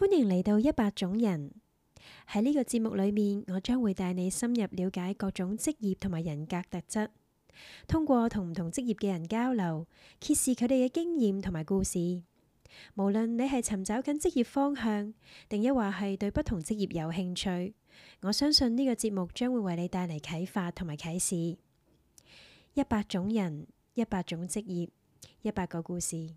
歡迎嚟到一百種人。喺呢個節目裏面，我將會帶你深入了解各種職業同埋人格特質，通過同唔同職業嘅人交流，揭示佢哋嘅經驗同埋故事。無論你係尋找緊職業方向，定抑或係對不同職業有興趣，我相信呢個節目將會為你帶嚟啟發同埋啟示。一百種人，一百種職業，一百個故事。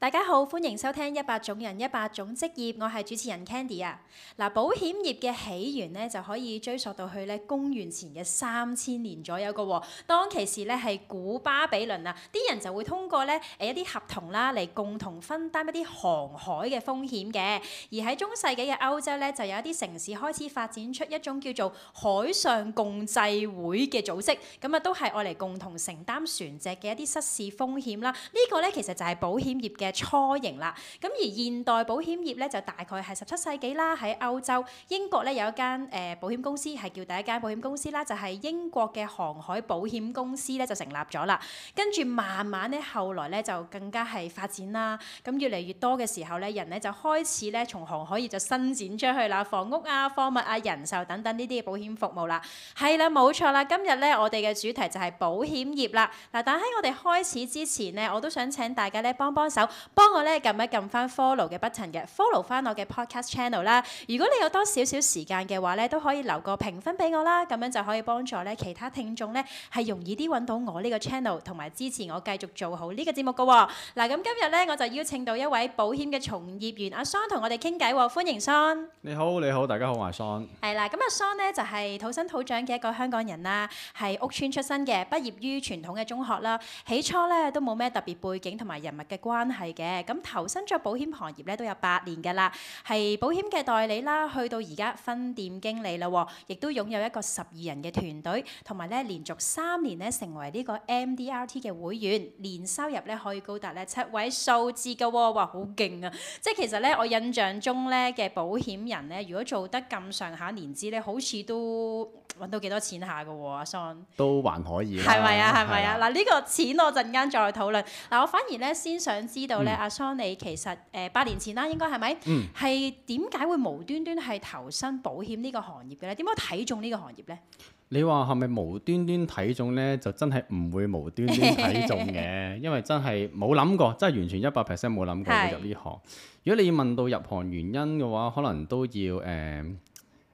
大家好，歡迎收聽一百種人一百種職業，我係主持人 Candy 啊。嗱，保險業嘅起源咧，就可以追溯到去咧公元前嘅三千年左右嘅喎。當其時咧，係古巴比倫啊，啲人就會通過咧誒一啲合同啦，嚟共同分擔一啲航海嘅風險嘅。而喺中世紀嘅歐洲咧，就有一啲城市開始發展出一種叫做海上共濟會嘅組織，咁啊都係我嚟共同承擔船隻嘅一啲失事風險啦。呢、呢個咧其實就係保險業嘅初型啦，咁而現代保險業咧就大概係十七世紀啦，喺歐洲英國咧有一間誒、呃、保險公司係叫第一間保險公司啦，就係、是、英國嘅航海保險公司咧就成立咗啦，跟住慢慢咧後來咧就更加係發展啦，咁、嗯、越嚟越多嘅時候咧人咧就開始咧從航海業就伸展出去啦，房屋啊、貨物啊、人壽等等呢啲嘅保險服務啦，係啦冇錯啦，今日咧我哋嘅主題就係保險業啦，嗱但喺我哋開始之前呢，我都想請大家咧幫幫手。幫我咧，撳一撳翻 follow 你嘅 button 嘅 follow 翻我嘅 podcast channel 啦。如果你有多少少時間嘅話咧，都可以留個評分俾我啦。咁樣就可以幫助咧其他聽眾咧係容易啲揾到我呢個 channel 同埋支持我繼續做好個節呢個節目噶喎。嗱咁今日咧我就邀請到一位保險嘅從業員阿 Zon 同我哋傾偈，歡迎 Zon。你好，你好，大家好，我係 Zon。係啦，咁阿 Zon 呢就係、是、土生土長嘅一個香港人啦，係屋村出身嘅，畢業於傳統嘅中學啦。起初咧都冇咩特別背景同埋人物嘅關係。嘅咁投身咗保險行業咧都有八年噶啦，係保險嘅代理啦，去到而家分店經理啦、哦，亦都擁有一個十二人嘅團隊，同埋咧連續三年咧成為呢個 MDRT 嘅會員，年收入咧可以高達咧七位數字噶喎、哦，哇好勁啊！即係其實咧我印象中咧嘅保險人咧，如果做得咁上下年資咧，好似都～揾到幾多錢下嘅、啊、阿 Zon？都還可以吧啊。係咪啊？係咪啊？嗱，呢個錢我陣間再討論。嗱、啊，我反而咧先想知道咧，嗯、阿 Zon 你其實誒八、呃、年前啦，應該係咪？嗯。係點解會無端端係投身保險呢個行業嘅咧？點解睇中呢個行業咧？你話係咪無端端睇中咧？就真係唔會無端端睇中嘅， 因為真係冇諗過，真係完全一百 percent 冇諗過會入呢行。的如果你要問到入行原因嘅話，可能都要誒。呃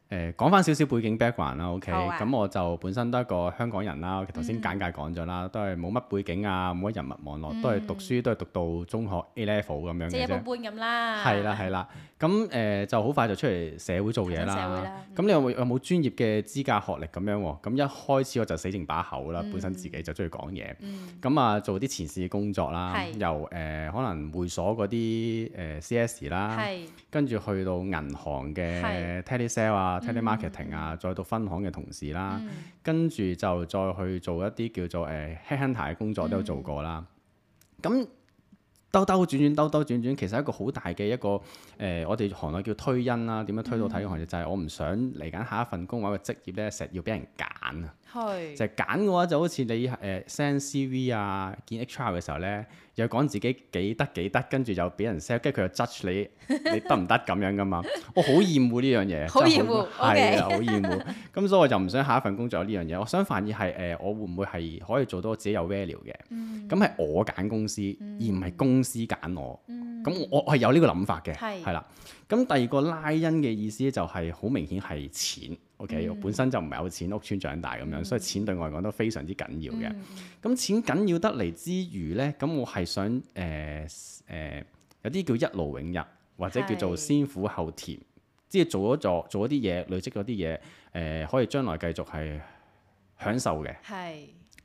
誒講翻少少背景 background 啦，OK，咁我就本身都一個香港人啦，頭先簡介講咗啦，都係冇乜背景啊，冇乜人脈網絡，都係讀書都係讀到中學 A level 咁樣嘅啫，即係一般般啦。係啦係啦，咁誒就好快就出嚟社會做嘢啦。咁你有冇有冇專業嘅資格學歷咁樣喎？咁一開始我就死剩把口啦，本身自己就中意講嘢，咁啊做啲前線嘅工作啦，由誒可能會所嗰啲誒 CS 啦，跟住去到銀行嘅 telesale 啊。Telemarketing 啊，marketing，嗯、再到分行嘅同事啦，嗯、跟住就再去做一啲叫做誒、uh, handler 嘅工作都有做過啦。咁兜兜轉轉，兜兜轉轉，其實一個好大嘅一個誒、呃，我哋行內叫推因啦。點樣推到睇嘅行業就係我唔想嚟緊下一份工或者職業咧，成日要俾人揀啊！是就係揀嘅話就好似你誒、呃、send CV 啊，見 HR 嘅時候咧，又講自己幾得幾得，跟住又俾人 sell，跟住佢又 judge 你 你得唔得咁樣噶嘛，我好厭惡呢樣嘢，好厭惡，係啊， 好厭惡。咁所以我就唔想下一份工作有呢樣嘢，我想反而係誒、呃，我會唔會係可以做到自己有 value 嘅，咁係、嗯、我揀公司，而唔係公司揀我。嗯咁、嗯、我我係有呢個諗法嘅，係啦是。咁第二個拉因嘅意思就係好明顯係錢。OK、嗯、本身就唔係有錢，屋村長大咁樣，嗯、所以錢對我嚟講都非常之緊要嘅。咁、嗯、錢緊要得嚟之餘咧，咁我係想誒誒、呃呃、有啲叫一勞永逸，或者叫做先苦後甜，即係是做咗做做咗啲嘢，累積咗啲嘢，誒、呃、可以將來繼續係享受嘅。係。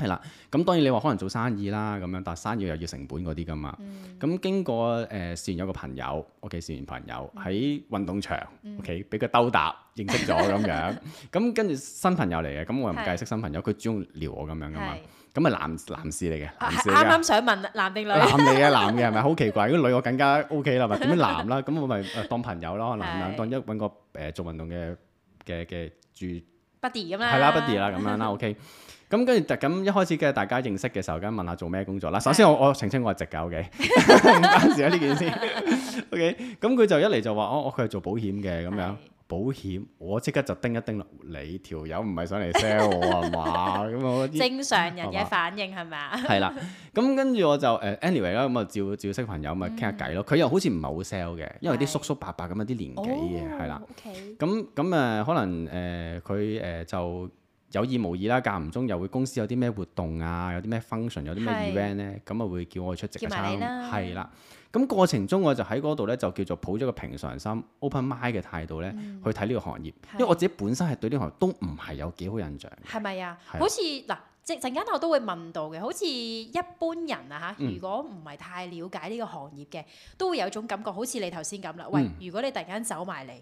係啦，咁當然你話可能做生意啦咁樣，但係生意又要成本嗰啲噶嘛。咁、嗯、經過誒試、呃、完有個朋友，OK，試完朋友喺、嗯、運動場、嗯、，OK，俾佢兜搭認識咗咁樣。咁跟住新朋友嚟嘅，咁我又唔介意識新朋友，佢專撩我咁樣噶嘛。咁啊 男男士嚟嘅，男士，男士啊啱啱想問男定女？ 男嚟嘅男嘅係咪好奇怪？如果女我更加 OK 啦，咪點樣男啦？咁 我咪當朋友咯，男男 當一揾個誒做運動嘅嘅嘅住。咁樣、啊，係啦，body 啦咁樣啦，OK。咁跟住，咁一開始嘅大家認識嘅時候，咁問下做咩工作啦。首先、okay。我我澄清，我係直狗嘅，唔關事啊呢件事。OK。咁佢就一嚟就話，哦，我佢係做保險嘅咁樣。保險，我即刻就叮一叮啦。你條友唔係上嚟 sell 我啊嘛？咁我 吧 正常人嘅反應係咪啊？係啦， 咁跟住我就誒 anyway 啦，咁啊照照識朋友咪傾下偈咯。佢、嗯、又好似唔係好 sell 嘅，因為啲叔叔伯伯咁有啲年紀嘅，係啦。咁咁誒可能誒佢誒就有意無意啦，間唔中又會公司有啲咩活動啊，有啲咩 function，有啲咩 event 咧，咁啊的會叫我出席參加，係啦。咁過程中我就喺嗰度咧，就叫做抱咗個平常心、open mind 嘅態度咧，嗯、去睇呢個行業。因為我自己本身係對呢行業都唔係有幾好印象。係咪啊？是好似嗱，即係陣間我都會問到嘅，好似一般人啊嚇，如果唔係太了解呢個行業嘅，嗯、都會有種感覺，好似你頭先咁啦。喂，如果你突然間走埋嚟，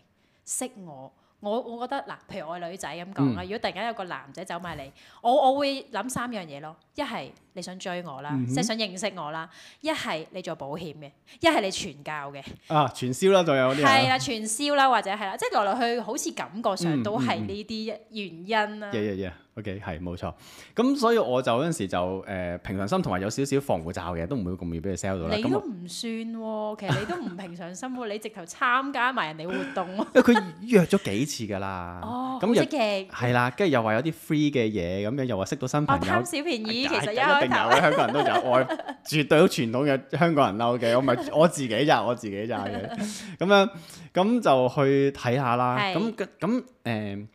識我。我我覺得嗱，譬如我女仔咁講啦，如果突然間有個男仔走埋嚟，我我會諗三樣嘢咯。一係你想追我啦，嗯、哼即係想認識我啦；一係你做保險嘅；一係你傳教嘅。啊，傳銷啦仲有呢啲、這、啊、個。係啊，傳銷啦或者係啦，即係來來去去好似感覺上都係呢啲原因啦。嗯嗯嗯 yeah, yeah, yeah. O K，係冇錯，咁所以我就嗰陣時就誒平常心，同埋有少少防護罩嘅，都唔會咁易俾佢 sell 到啦。你咁都唔算，其實你都唔平常心喎，你直頭參加埋人哋活動。因為佢約咗幾次噶啦，咁又係啦，跟住又話有啲 free 嘅嘢，咁樣又話識到新朋友，貪小便宜。其實一定有，香港人都有，我絕對好傳統嘅香港人 OK，我咪我自己就我自己咋嘅。咁樣咁就去睇下啦。咁咁咁誒。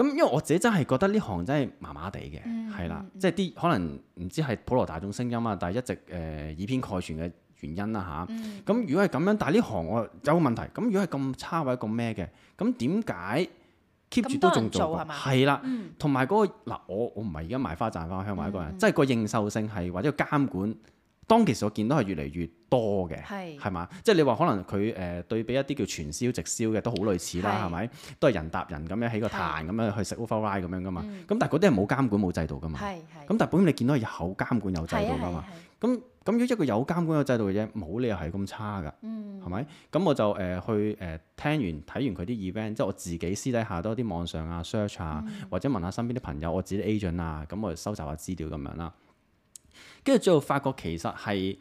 咁因為我自己真係覺得呢行真係麻麻地嘅，係啦，即係啲可能唔知係普羅大眾聲音啊，但係一直誒、呃、以偏概全嘅原因啦吓，咁、啊嗯、如果係咁樣，但係呢行我有個問題，咁如果係咁差或者咁咩嘅，咁點解 keep 住都仲做係嘛？係啦，同埋嗰個嗱、啊，我我唔係而家賣花讚花香一個人，即係、嗯嗯、個認受性係或者個監管。當其實我見到係越嚟越多嘅，係嘛是？即係你話可能佢誒、呃、對比一啲叫傳銷、直銷嘅都好類似啦，係咪是？都係人搭人咁樣起個壇咁是樣去食 override 咁樣噶嘛。咁、嗯、但係嗰啲係冇監管、冇制度噶嘛。咁但係本來你見到有監管有制度噶嘛。咁咁、嗯、如果一個有監管有制度嘅啫，冇理由係咁差㗎。係咪、嗯？咁我就誒去誒聽完睇完佢啲 event 即係，我自己私底下多啲網上啊 search 啊，嗯、或者問下身邊啲朋友，我自己 agent 啊，咁我就收集下資料咁樣啦。跟住最後發覺其實係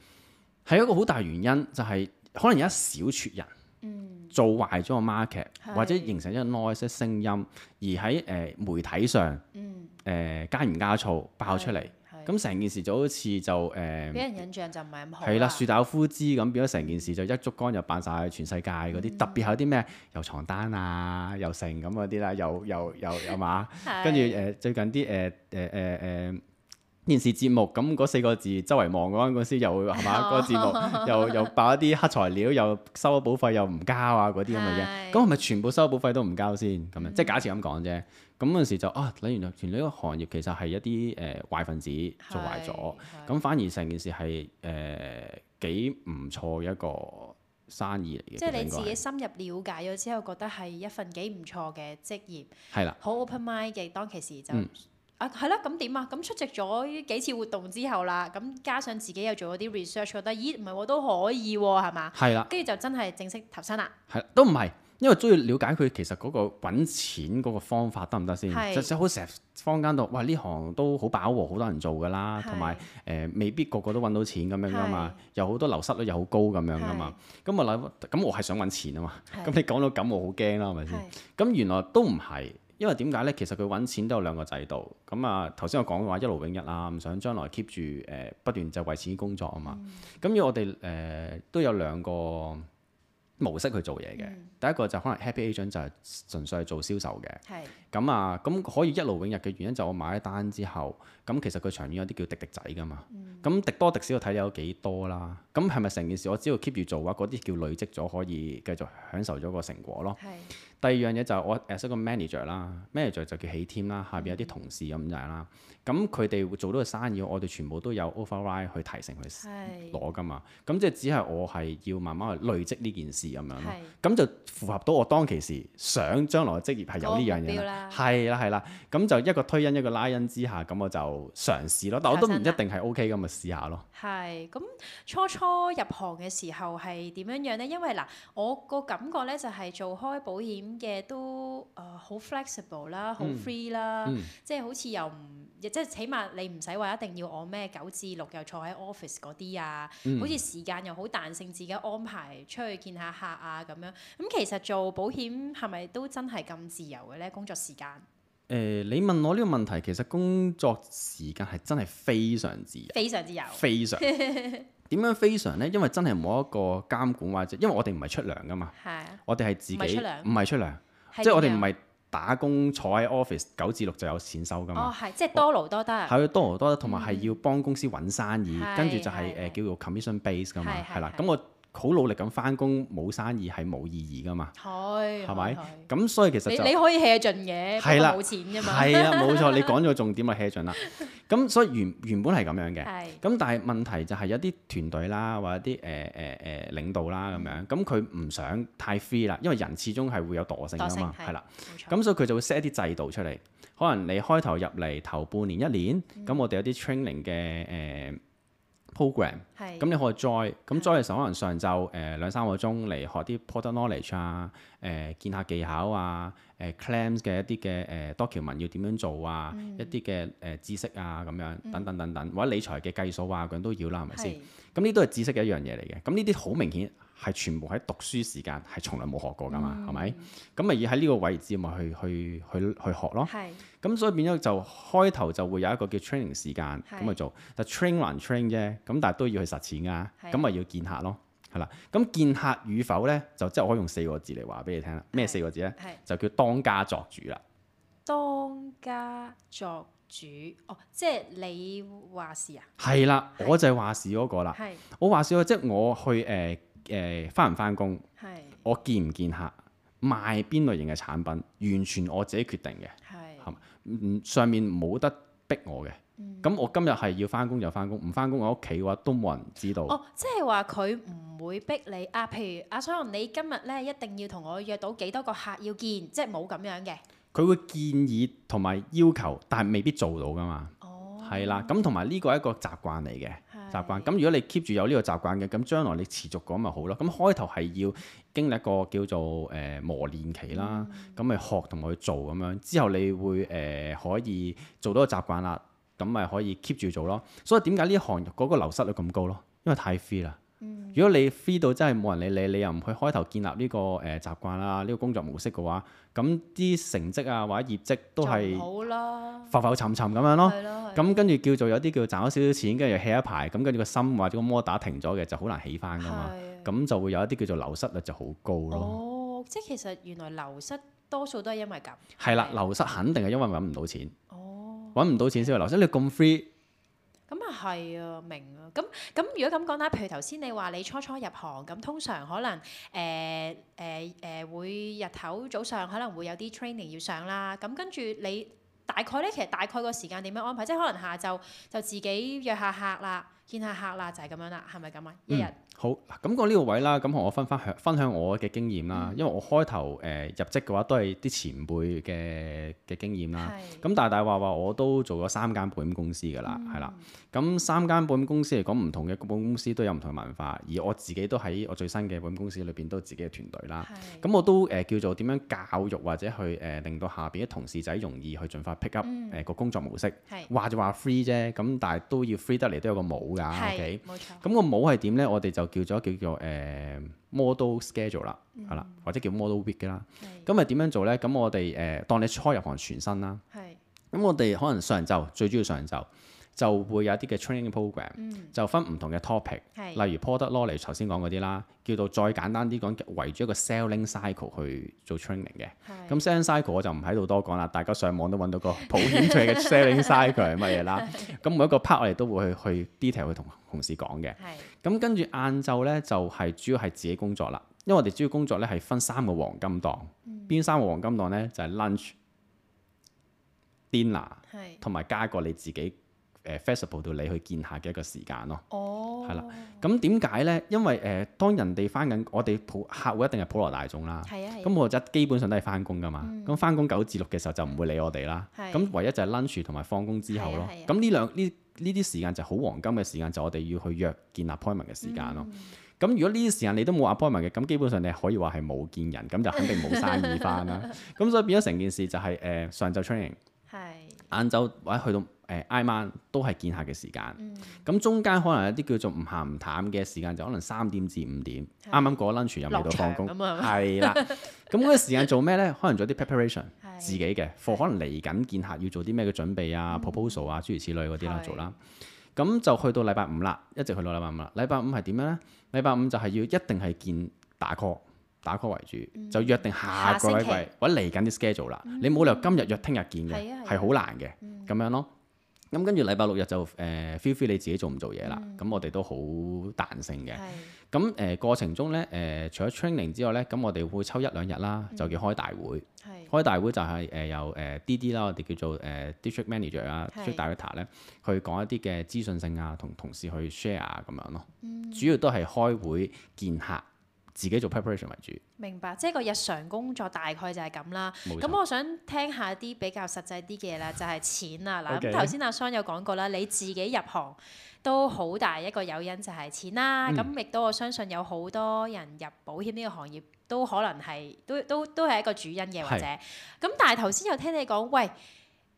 係一個好大原因，就係、是、可能有一小撮人做壞咗個 market 或者形成一 noise 聲是音，而喺誒、呃、媒體上誒、嗯呃、加鹽加醋爆出嚟，咁成件事就，就、呃、就好似就誒俾人印象就唔係咁好。係啦，樹大有枯枝咁，變咗成件事就一竹篙就扮晒全世界嗰啲，嗯、特別係啲咩又床單啊又剩咁嗰啲啦，又又又又馬 是，跟住誒最近啲誒誒誒誒。呃呃呃呃呃呃呃呃電視節目咁嗰四個字，周圍望嗰陣時又係嘛？嗰個節目又又爆一啲黑材料，又收咗保費又唔交啊嗰啲咁嘅嘢。咁係咪全部收保費都唔交先咁樣，即係假設咁講啫。咁嗰陣時就啊，原來原來呢個行業其實係一啲誒壞分子做壞咗，咁反而成件事係誒幾唔錯嘅一個生意嚟嘅。即係你自己深入了解咗之後，覺得係一份幾唔錯嘅職業，係啦，好 open mind 嘅。當其時就。啊，係啦，咁點啊？咁、嗯嗯、出席咗幾次活動之後啦，咁加上自己又做咗啲 research，覺得咦唔係我都可以喎，係嘛？係啦的。跟住就真係正式投身啦。係，都唔係，因為都要了解佢其實嗰個揾錢嗰個方法得唔得先？即係好成日坊間度，哇呢行都好飽和，好多人做㗎啦，同埋誒未必個個都揾到錢咁樣㗎嘛，又好的多流失率又好高咁樣㗎嘛。咁的、嗯、我咁我係想揾錢啊嘛。咁你講到咁，我好驚啦，係咪先？咁原來都唔係。因為點解咧？其實佢揾錢都有兩個制度。咁啊，頭先我講嘅話，一勞永逸啊，唔想將來 keep 住誒不斷就為錢工作啊嘛。咁要、嗯、我哋誒、呃、都有兩個模式去做嘢嘅。嗯、第一個就可能 happy agent 就係純粹係做銷售嘅。咁啊，咁可以一勞永逸嘅原因就我買一單之後，咁其實佢長遠有啲叫滴滴仔噶嘛。咁、嗯、滴多滴少睇有幾多啦。咁係咪成件事我只要 keep 住做嘅話，嗰啲叫累積咗可以繼續享受咗個成果咯。是第二樣嘢就我 as 一個 manager 啦，manager 就叫起 team 啦，下邊有啲同事咁樣啦。咁佢哋做到嘅生意，我哋全部都有 override 去提成佢攞噶嘛。咁即係只係我係要慢慢去累積呢件事咁樣咯。咁是就符合到我當其時想將來嘅職業係有呢樣嘢。係啦，係啦，咁就一個推因一個拉因之下，咁我就嘗試咯。但我都唔一定係 OK 咁，咪試下咯。係，咁初初入行嘅時候係點樣樣咧？因為嗱，我個感覺咧就係做開保險嘅都啊、呃嗯嗯、好 flexible 啦，好 free 啦，即係好似又唔～亦即係起碼你唔使話一定要我咩九至六又坐喺 office 嗰啲啊，嗯、好似時間又好彈性，自己安排出去見下客啊咁樣。咁、嗯、其實做保險係咪都真係咁自由嘅咧？工作時間？誒、呃，你問我呢個問題，其實工作時間係真係非常自由，非常自由，非常點 樣非常咧？因為真係冇一個監管或者，因為我哋唔係出糧㗎嘛，係、啊、我哋係自己唔係出糧，即係的我哋唔係。打工坐喺 office 九至六就有錢收㗎嘛。哦，係，即係多勞多得。係啊，多勞多得，同埋係要幫公司搵生意，嗯、跟住就係、係、誒係、呃、叫做 commission base 㗎嘛，係啦。咁我。好努力咁翻工，冇生意係冇意義噶嘛？係，係咪？咁所以其實你你可以 hea 盡嘅，冇錢啫嘛。係啦，冇錯，你講咗重點啊 hea 盡啦。咁所以原原本係咁樣嘅。係。咁但係問題就係有啲團隊啦，或者啲誒誒誒領導啦咁樣，咁佢唔想太 free 啦，因為人始終係會有惰性㗎嘛。惰性係啦。冇錯。咁所以佢就會 set 啲制度出嚟，可能你開頭入嚟頭半年一年，咁我哋有啲 training 嘅誒，program，咁是你可以 join，咁 join 嘅時候可能上晝誒、呃、兩三個鐘嚟學啲 product knowledge 啊，誒、呃、見下技巧啊，誒 claims 嘅一啲嘅、呃、document 要點樣做啊，嗯、一啲嘅誒知識啊咁樣等等等等，嗯、或者理財嘅計數啊咁都要啦，係咪先？咁呢吧是都係知識嘅一樣嘢嚟嘅，咁呢啲好明顯。係全部喺讀書時間，係從來冇學過㗎嘛，係咪、嗯？咁咪要喺呢個位置咪去去去去學咯。係是。咁所以變咗就開頭就會有一個叫 training 時間，咁咪是做，就 train 還 train 啫。咁但係都要去實踐㗎、啊，咁咪是、啊、要見客咯，係啦。咁見客與否咧，就即係我可以用四個字嚟話俾你聽啦。咩四個字咧？就叫當家作主啦。當家作主，哦，即、就、係、是、你話事啊？係啦，我就係話事嗰個啦。係。我話事、那個、即係我去誒。呃誒翻唔翻工，我見唔見客，賣邊類型嘅產品，完全我自己決定嘅，係，上面冇得逼我嘅。咁、嗯、我今日係要翻工就翻工，唔翻工我屋企嘅話都冇人知道。哦，即係話佢唔會逼你啊？譬如阿 Zon、啊，你今日咧一定要同我約到幾多個客要見，即係冇咁樣嘅。佢會建議同埋要求，但係未必做到噶嘛。哦，係啦，咁同埋呢個係一個習慣嚟嘅。習慣咁，如果你 keep 住有呢個習慣嘅，咁將來你持續講咪好咯。咁開頭係要經歷一個叫做誒、呃、磨練期啦，咁咪、嗯嗯嗯、學同佢做咁樣，之後你會誒、呃、可以做到個習慣啦，咁咪可以 keep 住做咯。所以點解呢行嗰個流失率咁高咯？因為太 free 啦。如果你 free 到真係冇人理你，你又唔去開頭建立呢、這個誒、呃、習慣啦，呢、這個工作模式嘅話，咁啲成績啊或者業績都係浮浮沉沉咁樣咯。咁跟住叫做有啲叫做賺咗少少錢，跟住又 hea 一排，咁跟住個心或者個摩打停咗嘅，就好難起翻㗎嘛。咁的就會有一啲叫做流失率就好高咯。哦，即係其實原來流失多數都係因為咁。係啦，流失肯定係因為揾唔到錢。揾唔、哦、到錢先會流失，你咁 free。係啊，明啊，咁咁如果咁講啦，譬如頭先你話你初初入行，咁通常可能誒誒誒會日頭早上可能會有啲 training 要上啦，咁跟住你大概咧，其實大概個時間點樣安排，即係可能下晝就，就自己約下客啦，見下客啦，就係、是、咁樣啦，係咪咁啊？嗯、一日。好，咁講呢個位啦，咁我分翻向分享我嘅經驗啦。嗯、因為我開頭誒、呃、入職嘅話，都係啲前輩嘅嘅經驗啦。咁是大大話話我都做咗三間保險公司㗎、嗯、啦，係啦。咁三間保險公司嚟講，唔同嘅保險公司都有唔同文化，而我自己都喺我最新嘅保險公司裏邊都自己嘅團隊啦。咁是我都誒、呃、叫做點樣教育或者去誒、呃、令到下邊啲同事仔容易去盡快 pick up 誒個工作模式。是話就話 free 啫，咁但係都要 free 得嚟都有個帽㗎。O K，冇錯。咁個帽係點咧？我哋就叫咗叫做誒、呃、model schedule 啦，係啦、嗯，或者叫 model week 啦。咁啊的。點樣做咧？咁我哋誒、呃、當你初入行全新啦，咁的我哋可能上晝最主要上晝。就會有一啲嘅 training program，就分唔同嘅 topic，嗯、例如 product 咯，例如頭先講嗰啲啦，叫做再簡單啲講，圍住一個 selling cycle 去做 training 嘅。咁 selling cycle 我就唔喺度多講啦，大家上網都揾到個保險類嘅 selling cycle 係乜嘢啦。咁 是每一個 part 我哋都會去去 detail 去同同事講嘅。咁是跟住晏晝呢，就係、是、主要係自己工作啦，因為我哋主要工作呢係分三個黃金檔，邊、嗯、三個黃金檔呢？就係、是、lunch、dinner 同埋加個你自己。誒 festival、呃、到你去見下嘅一個時間咯，係、哦、啦。咁點解咧？因為誒、呃，當人哋返緊，我哋普客戶一定係普羅大眾啦。係啊。咁、啊、我就基本上都係返工㗎嘛。咁返工九至六嘅時候就唔會理我哋啦。係、嗯。咁唯一就係 lunch 同埋放工之後咯。係、啊。咁呢兩呢呢啲時間就好黃金嘅時間，就我哋要去約建立 appointment 嘅時間咯。咁、嗯、如果呢啲時間你都冇 appointment 嘅，咁基本上你可以話係冇見人，咁就肯定冇生意返啦。咁 所以變咗成件事就係、是、誒、呃、上晝 training。晏晝或者去到誒、呃、挨晚都係見客嘅時間。咁、嗯、中間可能有啲叫做唔咸唔淡嘅時間，就可能三點至五點，啱啱是過 lunch 又未到放工，係啦。咁嗰啲時間做咩咧？可能做啲 preparation 是自己嘅貨，可能嚟緊見客要做啲咩嘅準備啊、嗯、proposal 啊，諸如此類嗰啲啦做啦。咁是就去到禮拜五啦，一直去到禮拜五啦。禮拜五係點樣咧？禮拜五就係要一定係見打 call。打 call 為主，就約定下個禮拜或者嚟緊啲 schedule 啦。你冇理由今日約聽日見嘅，係好難嘅咁樣咯。咁跟住禮拜六日就誒 feel feel 你自己做唔做嘢啦。咁我哋都好彈性嘅。咁誒過程中咧誒，除咗 training 之外咧，咁我哋會抽一兩日啦，就叫開大會。開大會就係誒由誒啲啲啦，我哋叫做誒 district manager 啊，district director 咧，去講一啲嘅資訊性啊，同同事去 share 啊。咁樣咯。主要都係開會見客。自己做 preparation 為主，明白，即係個日常工作大概就係咁啦。咁錯我想聽下啲比較實際啲嘅嘢啦，就係、是、錢啦。嗱、 嗯，咁頭先阿桑有講過啦，你自己入行都好大一個誘因就係錢啦。咁亦、嗯、都我相信有好多人入保險呢個行業都可能係都都都係一個主因嘅，或者。咁是但係頭先又聽你講喂，誒、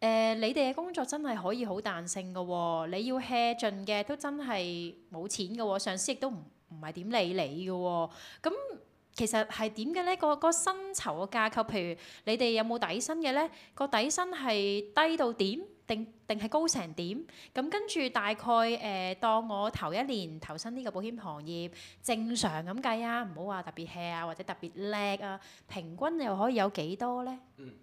呃、你哋嘅工作真係可以好彈性嘅、哦、你要 hea 盡嘅都真係冇錢嘅，上司亦都唔。唔係點理你嘅喎、哦，咁其實係點嘅呢？個、個薪酬嘅架構，譬如你哋有冇底薪嘅呢？個底薪係低到點？定定係高成點？咁跟住大概誒、呃、當我頭一年投身呢個保險行業，正常咁計啊，唔好話特別 hea 啊或者特別叻啊，平均又可以有幾多呢？嗯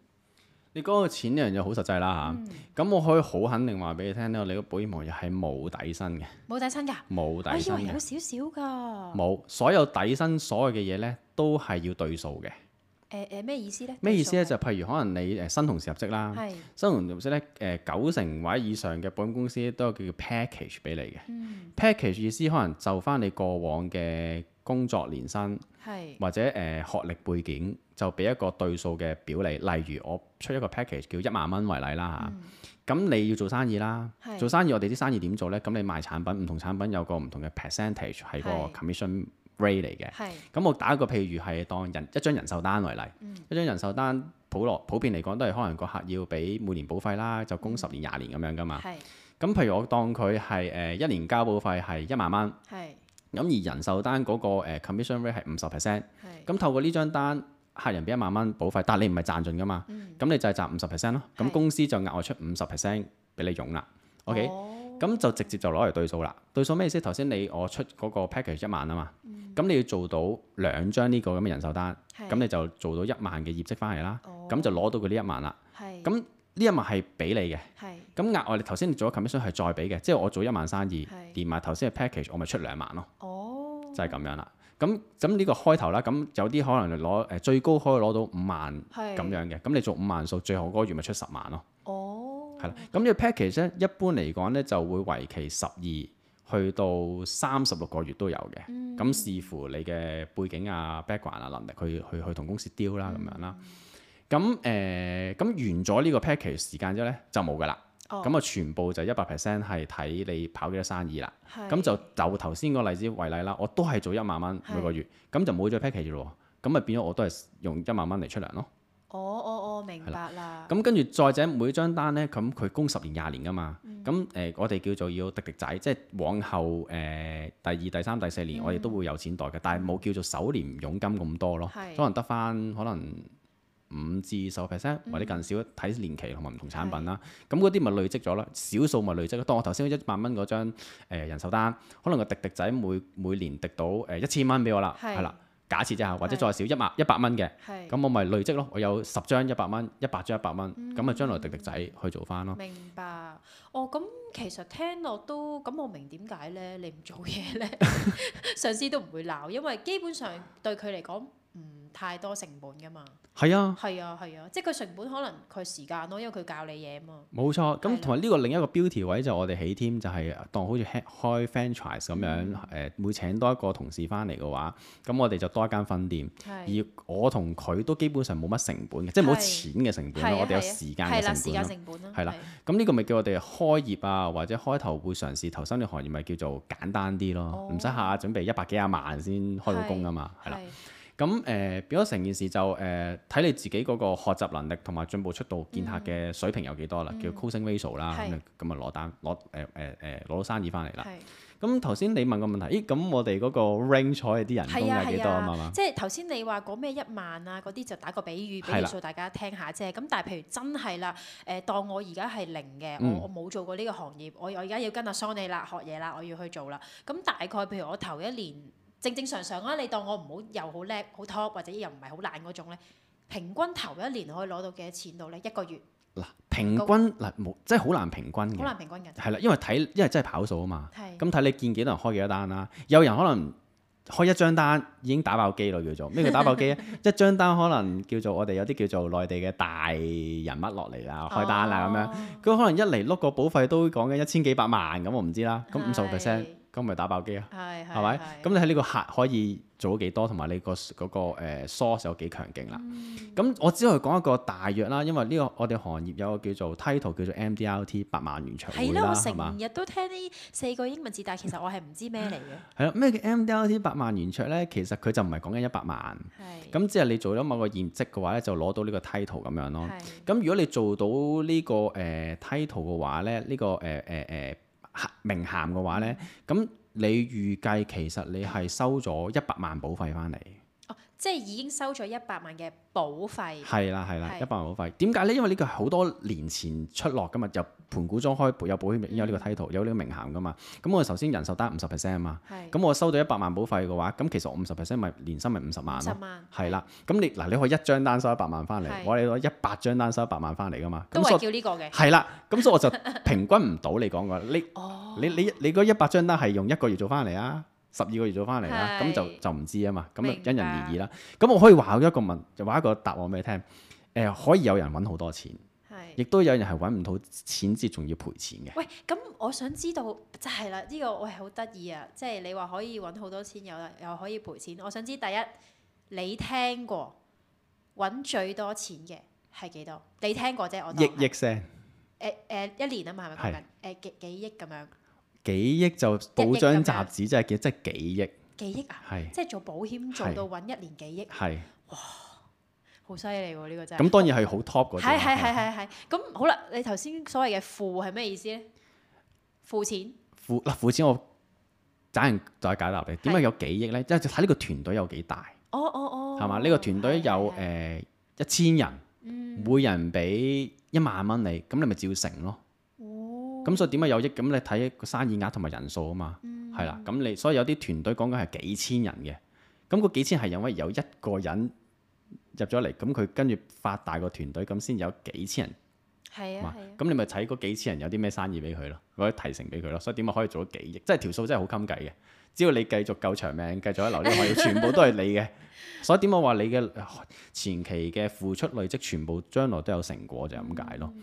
你嗰個錢呢樣嘢好實際啦嚇，咁、嗯、我可以好肯定話俾你聽咧，你個保險行業係冇底薪嘅，冇底薪㗎，冇底薪我以為有少少㗎，冇，所有底薪所有嘅嘢咧都係要對數嘅，誒誒咩意思咧？咩意思咧？就譬如可能你誒新同事入職啦，是新同事入職咧誒、呃、九成或以上嘅保險公司都有叫做 package 俾你嘅、嗯、package 意思可能就翻你過往嘅工作年薪，係是或者誒、呃、學歷歷背景。就俾一個對數嘅表例，例如我出一個 package 叫一萬蚊為例啦嚇。咁、嗯啊、你要做生意啦，是做生意我哋啲生意點做咧？咁你賣產品，唔同產品有個唔同嘅 percentage 係個 commission rate 嚟嘅。咁是我打一個譬如係當人一張人壽單為例，嗯、一張人壽單普羅普遍嚟講都係可能個客要俾每年保費啦，就供十年廿年咁樣噶嘛。咁是譬如我當佢係誒一年交保費係一萬蚊，咁是而人壽單嗰、那個、呃、commission rate 係五十 percent。咁透過呢張單。客人俾一萬蚊保費，但係你唔係賺盡㗎嘛，咁你就係賺五十 percent 咯。咁公司就額外出五十 percent 俾你用啦。OK，咁就直接就攞嚟對數啦。對數咩意思？頭先你我出嗰個 package 一萬啊嘛，咁你要做到兩張呢個咁嘅人壽單，咁你就做到一萬嘅業績翻嚟啦。咁就攞到佢呢一萬啦。咁呢一萬係俾你嘅。咁額外你，頭先你做咗 commission 係再俾嘅，即係我做一萬生意，連埋頭先嘅 package，我咪出兩萬咯。就係咁樣啦。咁咁呢個開頭啦，咁有啲可能攞誒，最高可以攞到五萬咁樣嘅。咁是你做五萬數，最後嗰月咪出十萬咯。哦，係啦，咁呢個 package 咧一般嚟講咧就會為期十二去到三十六個月都有嘅，咁、嗯、視乎你嘅背景啊、background 啊能力去去去同公司 deal 啦咁樣啦。咁誒咁完咗呢個 package 時間之後咧就冇噶啦。咁啊，哦、全部就一百 percent 係睇你跑幾多生意啦。咁是就就頭先個例子為例啦，我都係做一萬蚊每個月，咁是就冇咗 package 咯。咁咪變咗我都係用一萬蚊嚟出糧咯。哦哦哦，明白啦。咁跟住再者每張單咧，咁佢供十年廿年㗎嘛。咁誒、嗯，我哋叫做要滴滴仔，即係往後誒第二、第三、第四年，嗯、我哋都會有錢袋嘅，但係冇叫做首年佣金咁多咯。是可能得翻可能。五至十 percent 或者更少，睇年期同埋唔同產品啦。咁嗰啲咪累積咗啦，少數咪累積咯。當我頭先一百蚊嗰張、呃、人壽單，可能個滴滴仔每每年滴到誒一千蚊俾我啦，係啦是的，假設之下或者再少一萬一百蚊嘅，咁是的 我咪累積咯。我有十張一百蚊，一百張一百蚊，咁啊、嗯、將來滴滴仔去做翻咯。明白。哦，咁其實聽落都咁，我明點解咧？你唔做嘢咧？上司都唔會鬧，因為基本上對佢嚟講。太多成本噶嘛？係啊，係啊，係啊，即係佢成本可能佢時間咯，因為佢教你嘢嘛。冇錯，咁同埋呢個另一個 Beauty 位就我哋起 team，就係當好似開 franchise 咁樣，誒會請多一個同事翻嚟嘅話，咁我哋就多一間分店。而我同佢都基本上冇乜成本嘅，即係冇錢嘅成本咯。我哋有時間嘅成本咯。係啦，時間成本咯。係啦，咁呢個咪叫我哋開業啊，或者開頭會嘗試投身呢個行業，咪叫做簡單啲咯，唔使下準備一百幾廿萬先開到工啊嘛，係啦。咁誒變咗成件事就誒睇、呃、你自己嗰個學習能力同埋進步出道見客嘅水平有幾多啦，嗯、叫 coaching ratio 啦，咁啊攞單攞誒誒誒攞到生意翻嚟啦。咁頭先你問個問題，咦咁我哋嗰個 range 啲人工係幾多啊？啊嘛即係頭先你話講咩一萬啦、啊，嗰啲就打個比喻，比喻數大家聽下啫。咁、啊、但係譬如真係啦，誒當我而家係零嘅，嗯、我我冇做過呢個行業，我我而家要跟阿 Sony 啦學嘢啦，我要去做啦。咁大概譬如我頭一年。正正常常啊！你當我唔好又好叻好 top 或者又唔係好爛嗰種咧，平均頭一年可以攞到幾多錢到咧？一個月嗱，平均嗱冇，即係好難平均嘅。好難平均㗎。係啦，因為睇因為真係跑數啊嘛。咁睇的你見幾多人開幾多單啦？有人可能開一張單已經打爆機啦。叫做咩叫打爆機啊？ 一張單可能叫做我哋有啲叫做內地嘅大人物落嚟啦，開單啦咁樣。佢、哦、可能一嚟碌個保費都講緊一千幾百萬咁，我唔知啦。咁五十個 percent。咁咪打爆機啊，係係係，咁你喺呢個客可以做幾多，同埋你、那個嗰個誒 source 有幾強勁啦。咁、嗯、我只係講一個大約啦，因為呢、這個我哋行業有個叫做 title，叫做 MDRT 百萬圓桌會啦，我成日吧都聽啲四個英文字，但係其實我係唔知咩嚟嘅。係啦， 咩叫 MDRT 百萬圓桌咧？其實佢就唔係講緊一百萬。係。咁之後你做咗某個業績嘅話咧，就攞到呢個 title 咁樣咯。係。咁如果你做到呢、這個 title 嘅話咧，呢、呃呃呃這個誒誒誒。呃呃呃呃名銜嘅話咧，咁你預計，其實你係收咗一百萬保費翻嚟。即係已經收咗一百萬嘅保費，係啦係啦，一百萬保費。點解咧？因為呢個係好多年前出落噶嘛，由盤古莊開有保險有呢個 title 有呢個名銜噶嘛。咁、嗯、我首先人壽單五十 percent 啊嘛，咁的、嗯、我收到一百萬保費嘅話，咁其實我五十 percent 咪年薪咪五十萬咯、啊。十萬係啦。咁你嗱，你可以一張單收一百萬翻嚟，的我哋攞一百張單收一百萬翻嚟噶嘛。都係叫呢個嘅。係啦、嗯，咁所， 所以我就平均唔到你講嘅 你你你嗰一百張單係用一個月做翻嚟啊？十二個月做翻嚟啦，咁的就就唔知啊嘛，咁啊因人而異啦。咁我可以話一個問，就話一個答案俾你聽。誒、呃，可以有人揾好多錢，亦都的有人係揾唔到錢，之仲要賠錢嘅。喂，咁我想知道就係、是、啦，呢、這個喂好得意啊，即係你話可以揾好多錢有，又又可以賠錢。我想知第一，你聽過揾最多錢嘅係幾多？你聽過啫，我億億聲。誒誒、欸欸，一年啊嘛，係咪講緊？誒的、欸、幾，幾億咁樣？幾億就報章雜誌，真係幾真係幾億。幾億啊！係，即係做保險做到揾一年幾億。係。哇！好犀利喎，呢個真係。咁當然係好 top 嗰啲。係係係係係。咁好啦，你頭先所謂嘅負係咩意思咧？負錢。負嗱負錢我解人再解答你，點解有幾億咧？因為睇呢個團隊有幾大。哦哦哦。係嘛？呢個團隊有誒一千人，每人俾一萬蚊你，咁你咪照成咯。咁所以點解有益？咁你睇個生意額同埋人數啊嘛，係啦、嗯。咁你所以有啲團隊講緊係幾千人嘅，咁嗰幾千係因為有一個人入咗嚟，咁佢跟住發大個團隊，咁先有幾千人。係啊，係咁嘛、啊、咁你咪睇嗰幾千人有啲咩生意俾佢咯，或者提成俾佢咯。所以點解可以做咗幾億？嗯、即係條數真係好襟計嘅。只要你繼續夠長命，繼續喺流呢行，全部都係你嘅。 所以點解話你嘅前期嘅付出累積，全部將來都有成果就係咁解咯。嗯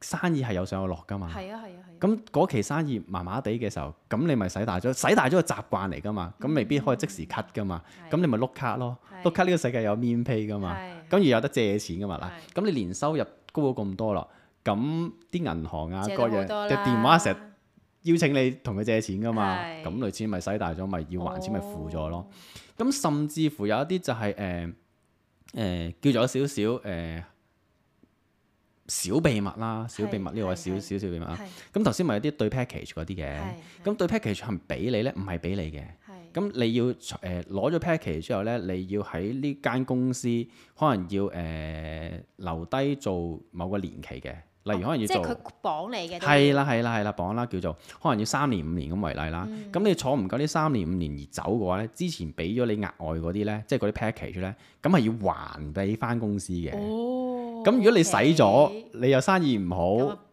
生意係有上有落㗎嘛？係啊係啊係。咁嗰、啊、期生意麻麻地嘅時候，咁你咪使大咗，使大咗個習慣嚟㗎嘛。咁未必可以即時 cut 㗎嘛。咁、嗯嗯、你咪碌卡咯，碌、啊、卡呢個世界有免 pay 㗎嘛。咁而、啊、有得借錢㗎嘛嗱。咁、啊、你年收入高咗咁多，、啊、多啦，咁啲銀行啊各樣嘅電話成日邀請你同佢借錢㗎嘛。咁類似咪使大咗，咪要還錢咪付咗咯。咁、哦、甚至乎有一啲就係誒誒叫咗少少誒。呃小秘密啦，小秘密呢是個係少少小秘密啊。咁頭先咪有啲對 package 嗰啲嘅，咁是對 package 可能俾你咧，唔係俾你嘅。咁是你要誒攞咗 package 之後咧，你要喺呢間公司可能要誒、呃、留低做某個年期嘅，例如可能要做、哦、即係佢綁你嘅，係啦，係啦，係啦綁啦叫做，可能要三年五年咁為例啦。咁、嗯、你坐唔夠呢三年五年而走嘅話咧，之前俾咗你額外嗰啲咧，即係嗰啲 package 咧，咁係要還俾翻公司嘅。哦。咁如果你使咗，你又生意唔好，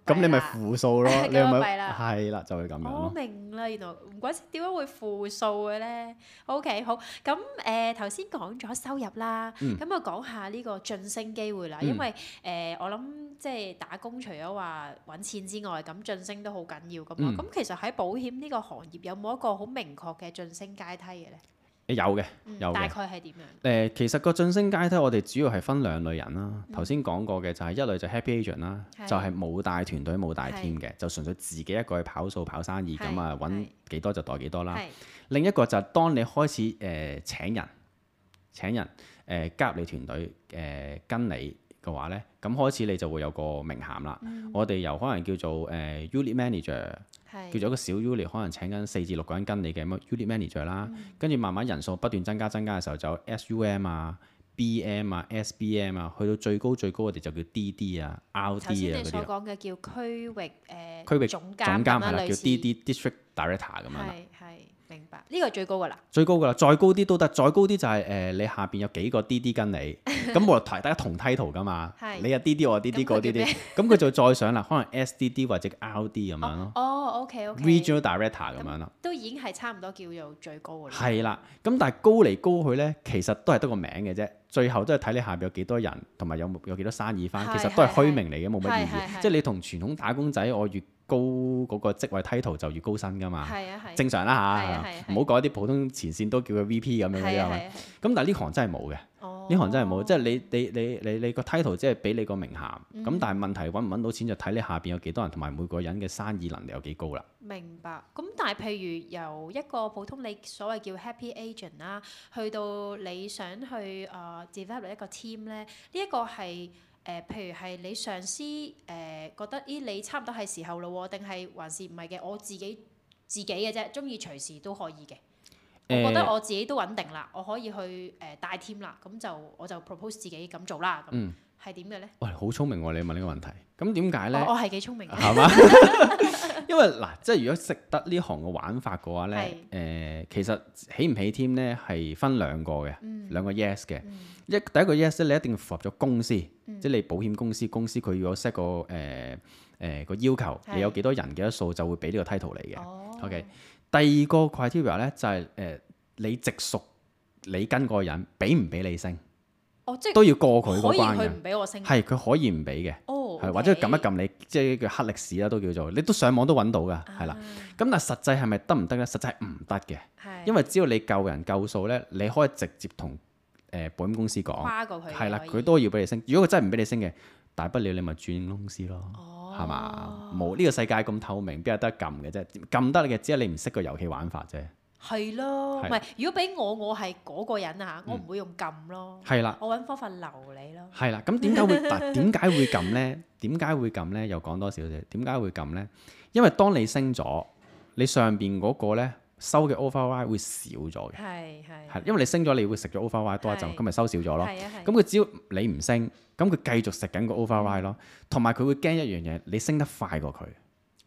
咁你咪負數咯。你係咪？係啦，就會、是、咁樣咯。我明啦，原來唔怪知點解會負數嘅咧。OK，好。咁誒頭先講咗收入啦，咁啊講下呢個晉升機會啦。因為誒、嗯呃、我諗即係打工除咗話揾錢之外，咁晉升都好緊要㗎嘛。咁、嗯、其實喺保險呢個行業有冇一個好明確嘅晉升階梯嘅咧？有嘅，嗯、有嘅的。大概係點樣？誒、呃，其實個晉升階梯，我哋主要係分兩類人啦。頭先講過嘅就係一類就 Happy Agent 啦，的就係冇帶團隊，冇帶 team 嘅，就純粹自己一個去跑數跑生意咁的啊，揾幾多就袋幾多啦。的另一個就係當你開始誒、呃、請人、請人誒加入你團隊誒、呃、跟你嘅話咧，咁開始你就會有個名銜啦。我哋由可能叫做誒 unit manager，叫做一個小 unit，可能請緊四至六個人跟你嘅咁 unit manager 啦。跟住慢慢人數不斷增加增加嘅時候，就 sum 啊、bm 啊、sbm 啊，去到最高最高，我哋就叫 dd 啊、rd 啊嗰啲。頭先你所講嘅叫區域誒區域總監啊，叫 dd district director 咁樣。係明白，呢個係最高噶啦。最高噶啦，再高啲都得，再高啲就係誒，你下邊有幾個 DD 跟你，咁 我同大家同梯圖噶嘛。係。 你又 DD，我 DD，嗰啲啲，咁佢 就再上啦，可能 SDD 或者 RD 咁樣咯。哦，OK OK。Regional Director 咁樣啦。 都已經係差唔多叫做最高嘅。係啦，咁但係高嚟高去咧，其實都係得個名嘅啫。最後都係睇你下邊有幾多人，同埋有有幾多生意翻。是是是，其實都係虛名嚟嘅，冇乜意義。是是是是，即係你同傳統打工仔，我越高嗰、嗰個職位 Title 就越高薪㗎嘛，是是是，正常啦吓，唔好講一啲普通前線都叫佢 VP 咁樣嗰啲啊嘛。咁但係呢行真係冇嘅。呢行真係冇，哦、即係你你你你你個 title 即係俾你個名銜，咁、嗯、但係問題揾唔揾到錢就睇你下邊有幾多人同埋每個人嘅生意能力有幾高啦。明白。咁但係譬如由一個普通你所謂叫 Happy Agent 啦，去到你想去、uh, develop 一個 team 咧，呢一個係誒譬如係你上司誒、呃、覺得咦你差唔多係時候咯喎，定係還是唔係嘅？我自己自己嘅啫，中意隨時都可以嘅。我覺得我自己都穩定啦，我可以去誒、呃、帶 team 啦，咁就我就 propose 自己咁做啦，咁係點嘅咧？喂、嗯，好聰明喎、啊！你問呢個問題，咁點解咧？我係幾聰明嘅吧。係嘛？因為嗱，即係如果識得呢行嘅玩法嘅話咧，誒是、呃，其實起唔起 team 咧係分兩個嘅，嗯、兩個 yes 嘅。一、嗯、第一個 yes 咧，你一定要符合咗公司，即係、嗯、你保險公司公司佢要 set 個誒誒個要求，是你有幾多人幾多數就會俾呢個 title 嚟嘅。哦、OK。第二個 criteria 咧就係、是、誒、呃、你直屬你跟嗰個人俾唔俾你升？哦，即係都要過佢個關嘅。可以佢唔俾我升，係佢可以唔俾嘅。哦，係是 okay. 或者佢撳一撳你，即係叫黑歷史啦，都叫做你都上網都揾到嘅，係、啊、啦。咁但實際係咪得唔得咧？實際係唔得嘅，啊、因為只要你夠人夠數咧，你可以直接同誒、呃、保險公司講，跨過佢係啦，佢都要俾你，你升。如果佢真係唔俾你升嘅，大不了，了你咪轉公司咯。哦係嘛？冇呢、這個世界咁透明，邊有得撳嘅啫？撳得嘅，只係你唔識個遊戲玩法啫。係咯的，唔係的如果俾我，我係嗰個人啊，我唔會用撳咯。係啦、嗯，我揾方法留你咯。係啦，咁點解會撳？點解、 啊、會撳呢？點解會撳呢？又講多少少，點解會撳呢？因為當你升咗，你上邊嗰個呢。收嘅 override 會少咗嘅，係係，係因為你升咗，你會食咗 override 多一陣，今日收少咗咯。係啊係。咁佢只要你唔升，咁佢繼續食緊個 override 咯，同埋佢會驚一樣嘢，你升得快過佢，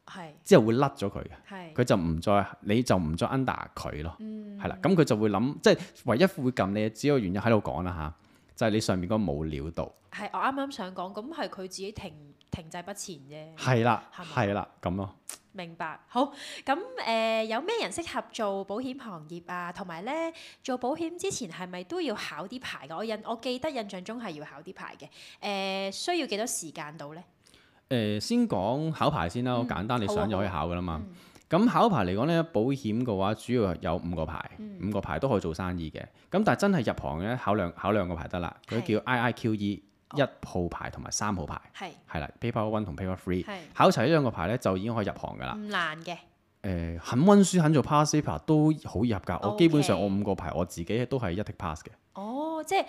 係，之後會甩咗佢嘅，係，佢就唔再，你就唔再 under 佢咯，嗯，係啦，咁佢就會諗，即係唯一會撳你嘅只要原因喺度講啦吓，就係你上面嗰個冇料到，係我啱啱想講，咁係佢自己停停滯不前啫，係啦，係啦，咁咯。明白，好咁，誒、呃，有咩人適合做保險行業啊？同埋咧，做保險之前係咪都要考啲牌嘅？我印我記得印象中係要考啲牌嘅。誒、呃，需要幾多時間到咧？誒、呃，先講考牌先啦、嗯嗯。好簡、啊、單，你想就可以考嘅啦嘛。咁、嗯、考牌嚟講咧，保險嘅話主要有五個牌，嗯、五個牌都可以做生意嘅。咁但係真係入行咧，考兩考兩個牌得啦。佢叫 IIQE 一、oh. 號牌同埋三號牌係係啦，paper one 同 paper three 考齊呢兩個牌咧就已經可以入行噶啦，唔難嘅。誒、呃，肯溫書肯做 pass p a p e 都好入格。Okay. 我基本上我五個牌我自己都係一 t pass 嘅。哦、oh,，即係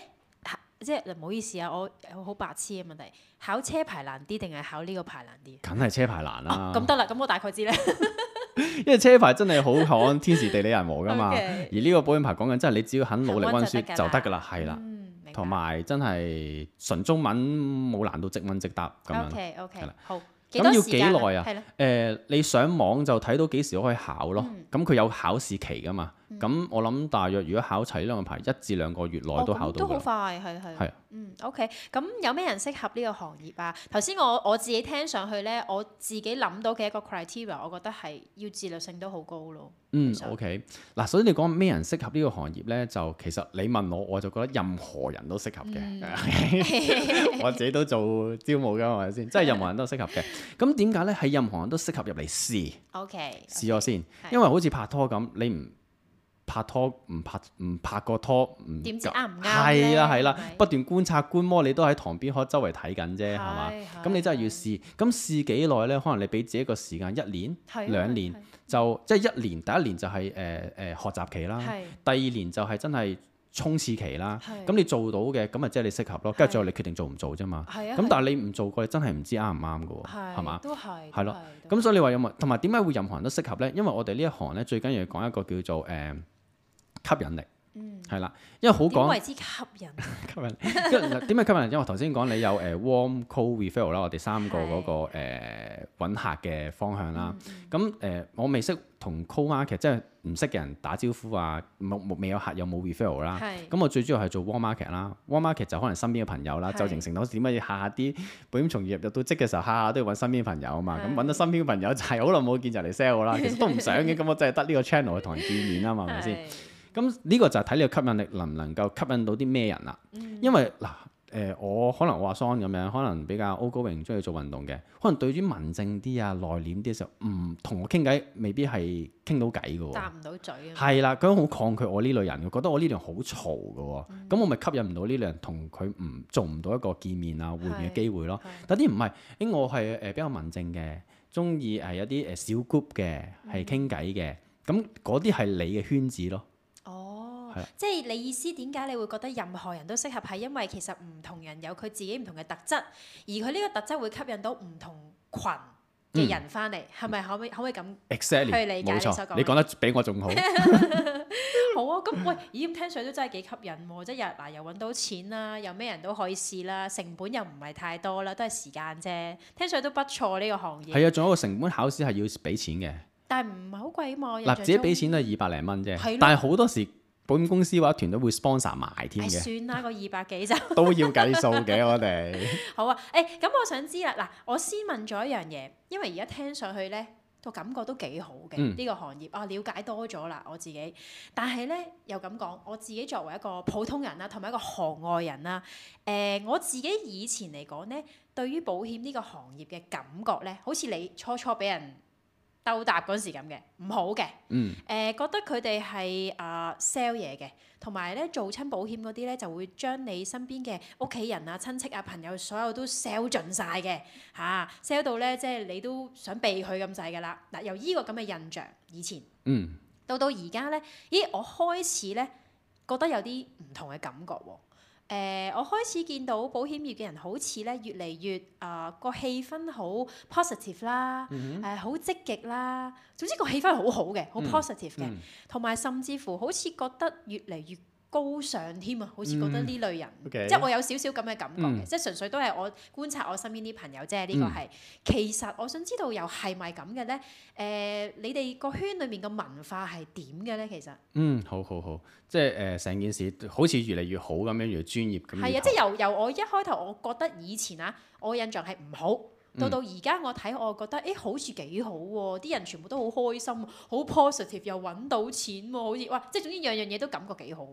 即係唔好意思啊，我好白痴嘅問題，考車牌難啲定係考呢個牌難啲？梗係車牌難啦、啊。咁得啦，咁我大概知啦。 因為車牌真係好看天時地利人和噶嘛，Okay. 而呢個保險牌講緊真係你只要肯努力溫書溫就得噶啦，係啦。同埋真係純中文，冇難度，直問直答咁樣。OK OK，好。咁要幾耐啊？誒、啊的呃，你上網就睇到幾時可以考咯。咁佢、嗯、有考試期噶嘛？咁、嗯、我諗大約，如果考齊呢兩個牌，一至兩個月內都考到都好、哦、快，係係。係的。嗯，OK。咁有咩人適合呢個行業啊？頭先我我自己聽上去咧，我自己諗到嘅一個 criteria，我覺得係要自律性都好高咯。嗯，嗯，OK。嗱，首先你講咩人適合呢個行業咧？就其實你問我，我就覺得任何人都適合嘅。嗯、 我自己都做招募㗎，係咪先？即係 任何人都適合嘅。咁點解咧？係任何人都適合入嚟試。OK, okay。試咗先，okay, 因為好似拍拖咁，你唔～拍拖唔拍唔拍過拖唔點知啱唔啱呢？係啦係啦，不斷觀察觀摩，你都喺旁邊可周圍睇緊啫，係嘛？咁你真係要試，咁試幾耐呢？可能你俾自己個時間一年、兩年，就即係一年。第一年就係誒誒學習期啦，第二年就係真係衝刺期啦。咁你做到嘅，咁咪即係你適合咯。跟住最後你決定做唔做啫嘛。咁但係你唔做過，你真係唔知啱唔啱㗎喎，係嘛？都係。係咯，咁所以你話有冇同埋點解會任何人都適合呢？因為我哋呢一行呢，最緊要講一個叫做誒。吸引力，係啦，因為好講點為之吸引？ 吸引力，因為點解吸引？因為我頭先講你有誒、呃、warm call referral 啦，我哋三個嗰、那個揾是的、呃、客嘅方向啦。咁誒、嗯嗯嗯嗯嗯，我未識同 cold market，即係唔識嘅人打招呼啊，冇冇未有客又冇 referral 啦。咁是的 我最主要係做 warm market 啦。warm market 就可能身邊嘅朋友啦，是的 就形成到點解要下下啲保險從業入到職嘅時候，下下都要揾身邊朋友啊嘛。咁揾是的、嗯、到身邊朋友就係好耐冇見就嚟 sell 啦。其實都唔想嘅，咁 我真係得呢個 channel 去同人見面啊嘛，係咪先？咁呢個就係睇你嘅吸引力能唔能夠吸引到啲咩人啦、啊。嗯、因為嗱誒，我、呃呃、可能話 Zon 咁樣，可能比較 outgoing 中意做運動嘅，可能對於文靜啲啊、內斂啲嘅時候，唔、嗯、同我傾偈，未必係傾到偈嘅，答唔到嘴係啦，佢好抗拒我呢類人嘅，覺得我呢類人好嘈嘅，咁、嗯、我咪吸引唔到呢類人同佢唔做唔到一個見面啊、會面嘅機會咯。是但啲唔係，誒我係誒比較文靜嘅，中意係一啲誒小 group 嘅係傾偈嘅，咁嗰啲係你嘅圈子咯。哦、即係你意思，點解你會覺得任何人都適合？係因為其實唔同人有佢自己唔同嘅特質，而佢呢個特質會吸引到唔同群嘅人翻嚟，係咪可唔可以可唔可以咁去理解？冇錯，你講得比我仲好。 好啊，咁喂，咦？聽上都真係幾吸引喎、啊！即係又嗱，又揾到錢啦、啊，又咩人都可以試啦、啊，成本又唔係太多啦，都係時間啫。聽上都不錯呢、呢個行業。係啊，仲有一個成本，考試係要俾錢嘅。但係唔係好貴嘛，嗱，自己俾錢都係二百零蚊啫，的但係好多時。保險公司話團隊會 sponsor 埋添嘅，算啦，個二百幾就都要計數嘅我哋。 好啊，誒、欸、咁、嗯嗯、我想知啦，嗱我先問咗一樣嘢，因為而家聽上去咧、這個感覺都幾好嘅呢、嗯、個行業啊，瞭解多咗啦我自己。但係咧又咁講，我自己作為一個普通人啦，同埋一個行外人啦，誒、呃、我自己以前嚟講咧，對於保險呢個行業嘅感覺咧，好似你初初俾人。斗搭嗰時咁嘅，唔好嘅。誒、嗯呃、覺得佢哋係啊 sell 嘢嘅，同埋咧做親保險嗰啲咧就會將你身邊嘅屋企人啊、親戚啊、朋友所有都 sell 盡晒嘅，嚇、啊、sell 到咧即係你都想避佢咁滯噶啦。嗱、呃、由依個咁嘅印象以前，嗯、到到而家咧，咦我開始咧覺得有啲唔同嘅感覺喎、哦。誒、呃、我開始見到保險業嘅人好似咧越嚟越啊個氣氛好 positive 啦，mm，誒好積極啦，總之個氣氛好好嘅，好 positive 嘅，同埋、mm hmm. 甚至乎好似覺得越嚟越高尚添啊，好似覺得呢類人，嗯、okay, 即係我有少少咁嘅感覺嘅，嗯、即係純粹都係我觀察我身邊啲朋友，即係呢個係、嗯、其實我想知道又係咪咁嘅呢？誒、呃，你哋個圈裡面嘅文化係點嘅呢？其實嗯，好好好，即係成、呃、件事好似越嚟越好咁樣，越嚟專業咁樣。係啊，即係由由我一開頭，我覺得以前啊，我印象係唔好。到到而家我睇我覺得，誒，欸，好似幾好喎。啲人全部都好開心，好 positive 又揾到錢喎。好似哇，即係總之樣樣嘢都感覺幾好喎。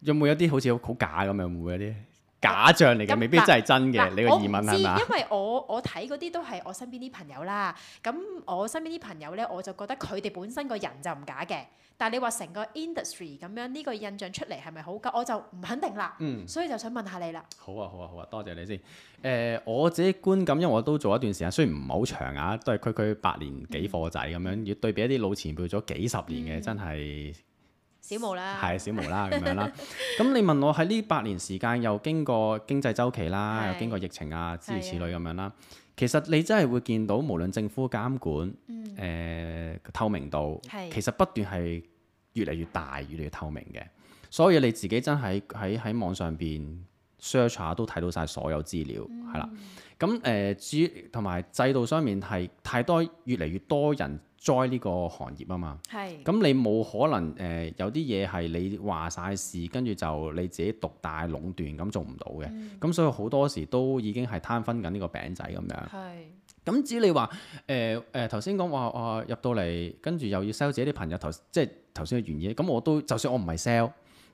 有冇一啲好似好好假咁樣？會唔會一啲？假象嚟嘅，那未必真係真嘅。那你個疑問係嘛？因為我我睇嗰啲都係我身邊啲朋友啦。咁我身邊啲朋友咧，我就覺得佢哋本身個人就唔假嘅。但係你話成個 industry 咁樣呢，這個印象出嚟係咪好高？我就唔肯定啦。嗯。所以就想問下你啦，啊。好啊好啊好啊！多謝你先。誒、呃，我自己觀感，因為我都做一段時間，雖然唔係好長啊，都係區區八年幾貨仔咁樣。要對比一啲老前輩咗幾十年嘅，嗯、真係。小毛啦，係小毛啦咁樣啦。咁 你問我喺呢八年時間又經過經濟周期啦，是又經過疫情啊，諸如此類咁樣啦。是的 其實你真係會見到，無論政府監管，誒、嗯呃、透明度，是的 其實不斷係越嚟越大，越嚟越透明嘅。所以你自己真係喺喺網上邊 search 都睇到晒所有資料，係啦、嗯。咁誒、呃，至於同埋制度上面，係太多越嚟越多人栽呢個行業啊嘛。係是。咁你冇可能誒、呃、有啲嘢係你話晒事，跟住就你自己獨大壟斷，咁做唔到嘅。咁、嗯、所以好多時都已經係攤分緊呢個餅仔咁樣。係是。咁至於你話誒誒頭先講話我入到嚟，跟住又要 sell 自己啲朋友頭，即係頭先嘅原意。咁我都就算我唔係 sell。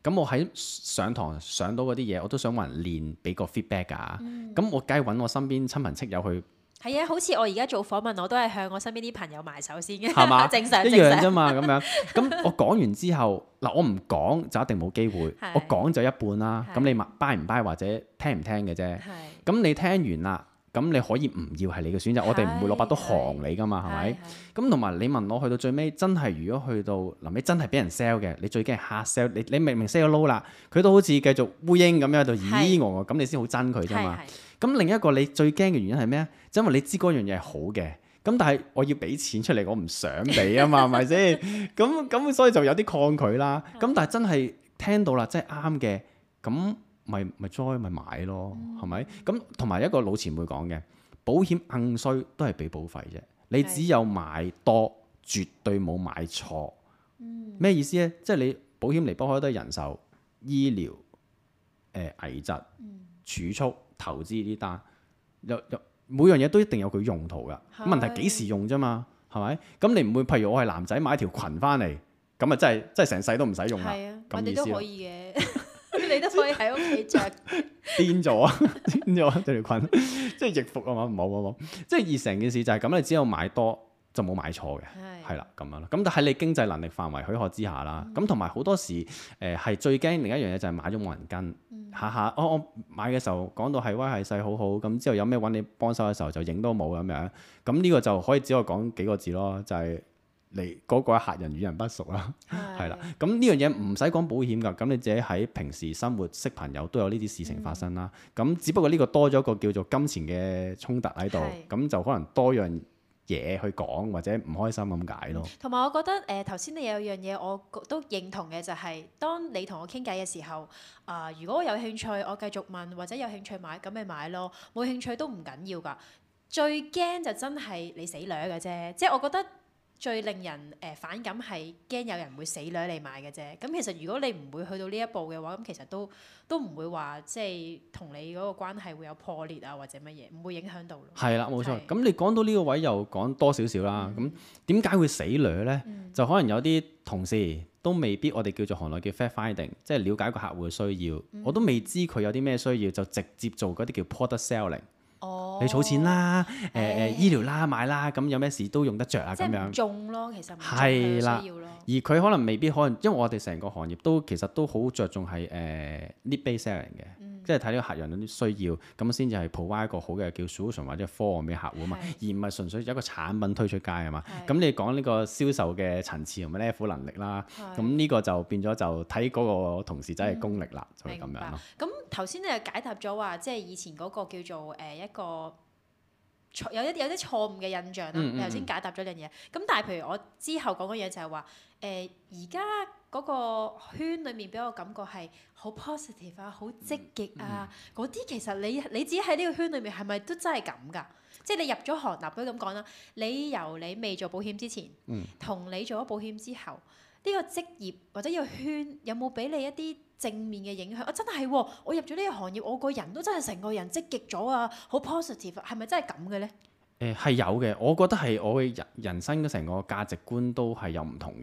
咁我喺上堂上到嗰啲嘢，我都想話人練，俾個 feedback 啊。咁、嗯、我梗係揾我身邊親朋戚友去。係啊，好似我而家做訪問，我都係向我身邊啲朋友埋手先嘅，係嘛吧？ 正常，一樣啫嘛。咁樣，咁 我講完之後，嗱，我唔講就一定冇機會，是我講就一半啦。咁是你麥唔 b 或者聽唔聽嘅啫。咁是你聽完啦。咁你可以唔要係你嘅選擇，我哋唔會攞把刀行你㗎嘛，係咪？咁同埋你問我去到最尾，真係如果去到臨尾真係俾人 sell 嘅，你最驚係下 sell，你你明明 sell 咗 low 啦，佢都好似繼續烏蠅咁樣喺度咦我，咁你先好憎佢啫嘛。咁另一個你最驚嘅原因係咩？就因為你知嗰樣嘢係好嘅，咁但係我要俾錢出嚟，我唔想俾啊嘛，係咪先？咁咁所以就有啲抗拒啦。咁但係真係聽到啦，真係啱嘅，咁。咪咪再咪買咯，係咪？咁同埋一個老前輩講嘅，保險硬衰都係俾保費啫。你只有買多，絕對冇買錯。咩意思呢？嗯。即係你保險離不開都係人壽、醫療、誒、呃、危疾、嗯、儲蓄、投資呢單，每樣嘢都一定有佢用途㗎。的問題幾時用啫嘛？係咪？咁你唔會譬如我係男仔買條裙翻嚟，咁啊真係真係成世都唔使用啊？咁以嘅。 你都可以喺屋企着，癲咗啊！癲咗， 條裙即係翼服啊嘛，冇冇冇，即係而成件事就係咁，你只要買有買多就冇買錯嘅，係啦咁樣咯。咁就喺你經濟能力範圍許可之下啦，咁同埋好多時誒係、呃、最驚另一樣嘢就係買咗冇人跟，下下我我買嘅時候講到係威係勢好好，咁之後有咩揾你幫手嘅時候就影都冇咁樣。咁呢個就可以只係講幾個字咯，就係、是。你嗰個客人與人不熟啦，係啦的，咁呢樣嘢唔使講保險噶，咁你自己喺平時生活識朋友都有呢啲事情發生啦。咁、嗯、只不過呢個多咗一個叫做金錢嘅衝突喺度，咁的就可能多樣嘢去講或者唔開心咁解咯。同埋、嗯、我覺得誒，頭、呃、先你有樣嘢我都認同嘅，就係、是、當你同我傾偈嘅時候，啊、呃，如果我有興趣，我繼續問或者有興趣買，咁咪買咯。冇興趣都唔緊要噶，最驚就真係你死囉嘅啫。即係我覺得。最令人誒、呃、反感係驚有人會死女嚟買嘅啫。咁其實如果你唔會去到呢一步嘅話，咁其實都都唔會話即係同你嗰個關係會有破裂啊或者乜嘢，唔會影響到。係、啊、是啦，冇錯、嗯。咁你講到呢個位又講多少少啦。咁點解會死女呢？嗯、就可能有啲同事都未必我哋叫做行內叫 fact finding，即係了解個客戶嘅需要。嗯、我都未知佢有啲咩需要，就直接做嗰啲叫 product selling。哦、你儲錢啦，誒、呃、誒的醫療啦，買啦，咁有咩事都用得着啊，咁樣。即係唔重咯，其實。係啦，而佢可能未必可能，因為我哋成個行業都其實都好着重係誒、呃、lead base selling 嘅。嗯。即係睇呢個客人嗰啲需要，咁先至係 provide 一個好嘅叫 solution 或者方案俾客戶啊嘛，是的 而唔係純粹一個產品推出街啊嘛。咁是的 你講呢個銷售嘅層次同埋 level 能力啦，咁呢是的 個就變咗就睇嗰個同事仔係功力啦，嗯、就係咁樣咯。咁頭先你又解答咗話，即係以前嗰個叫做誒、呃、一個錯，有一啲有啲錯誤嘅印象啦。你頭先、嗯嗯嗯、解答咗樣嘢，咁但係譬如我之後講嘅嘢就係話，誒而家。嗰個圈裏面俾我感覺係好 positive 啊，好積極啊。嗰啲、嗯嗯、其實你你自己喺呢個圈裏面係咪都真係咁㗎？即係你入咗行，立都咁講啦，你由你未做保險之前，同、嗯、你做咗保險之後，呢個職業或者呢個圈有冇俾你一啲正面嘅影響？我、啊、真係喎、啊，我入咗呢個行業，我個人都真係成個人積極咗啊，好 positive，係咪真係咁嘅呢？誒係、呃、有嘅，我覺得係我嘅人人生嘅成個價值觀都係有唔同嘅。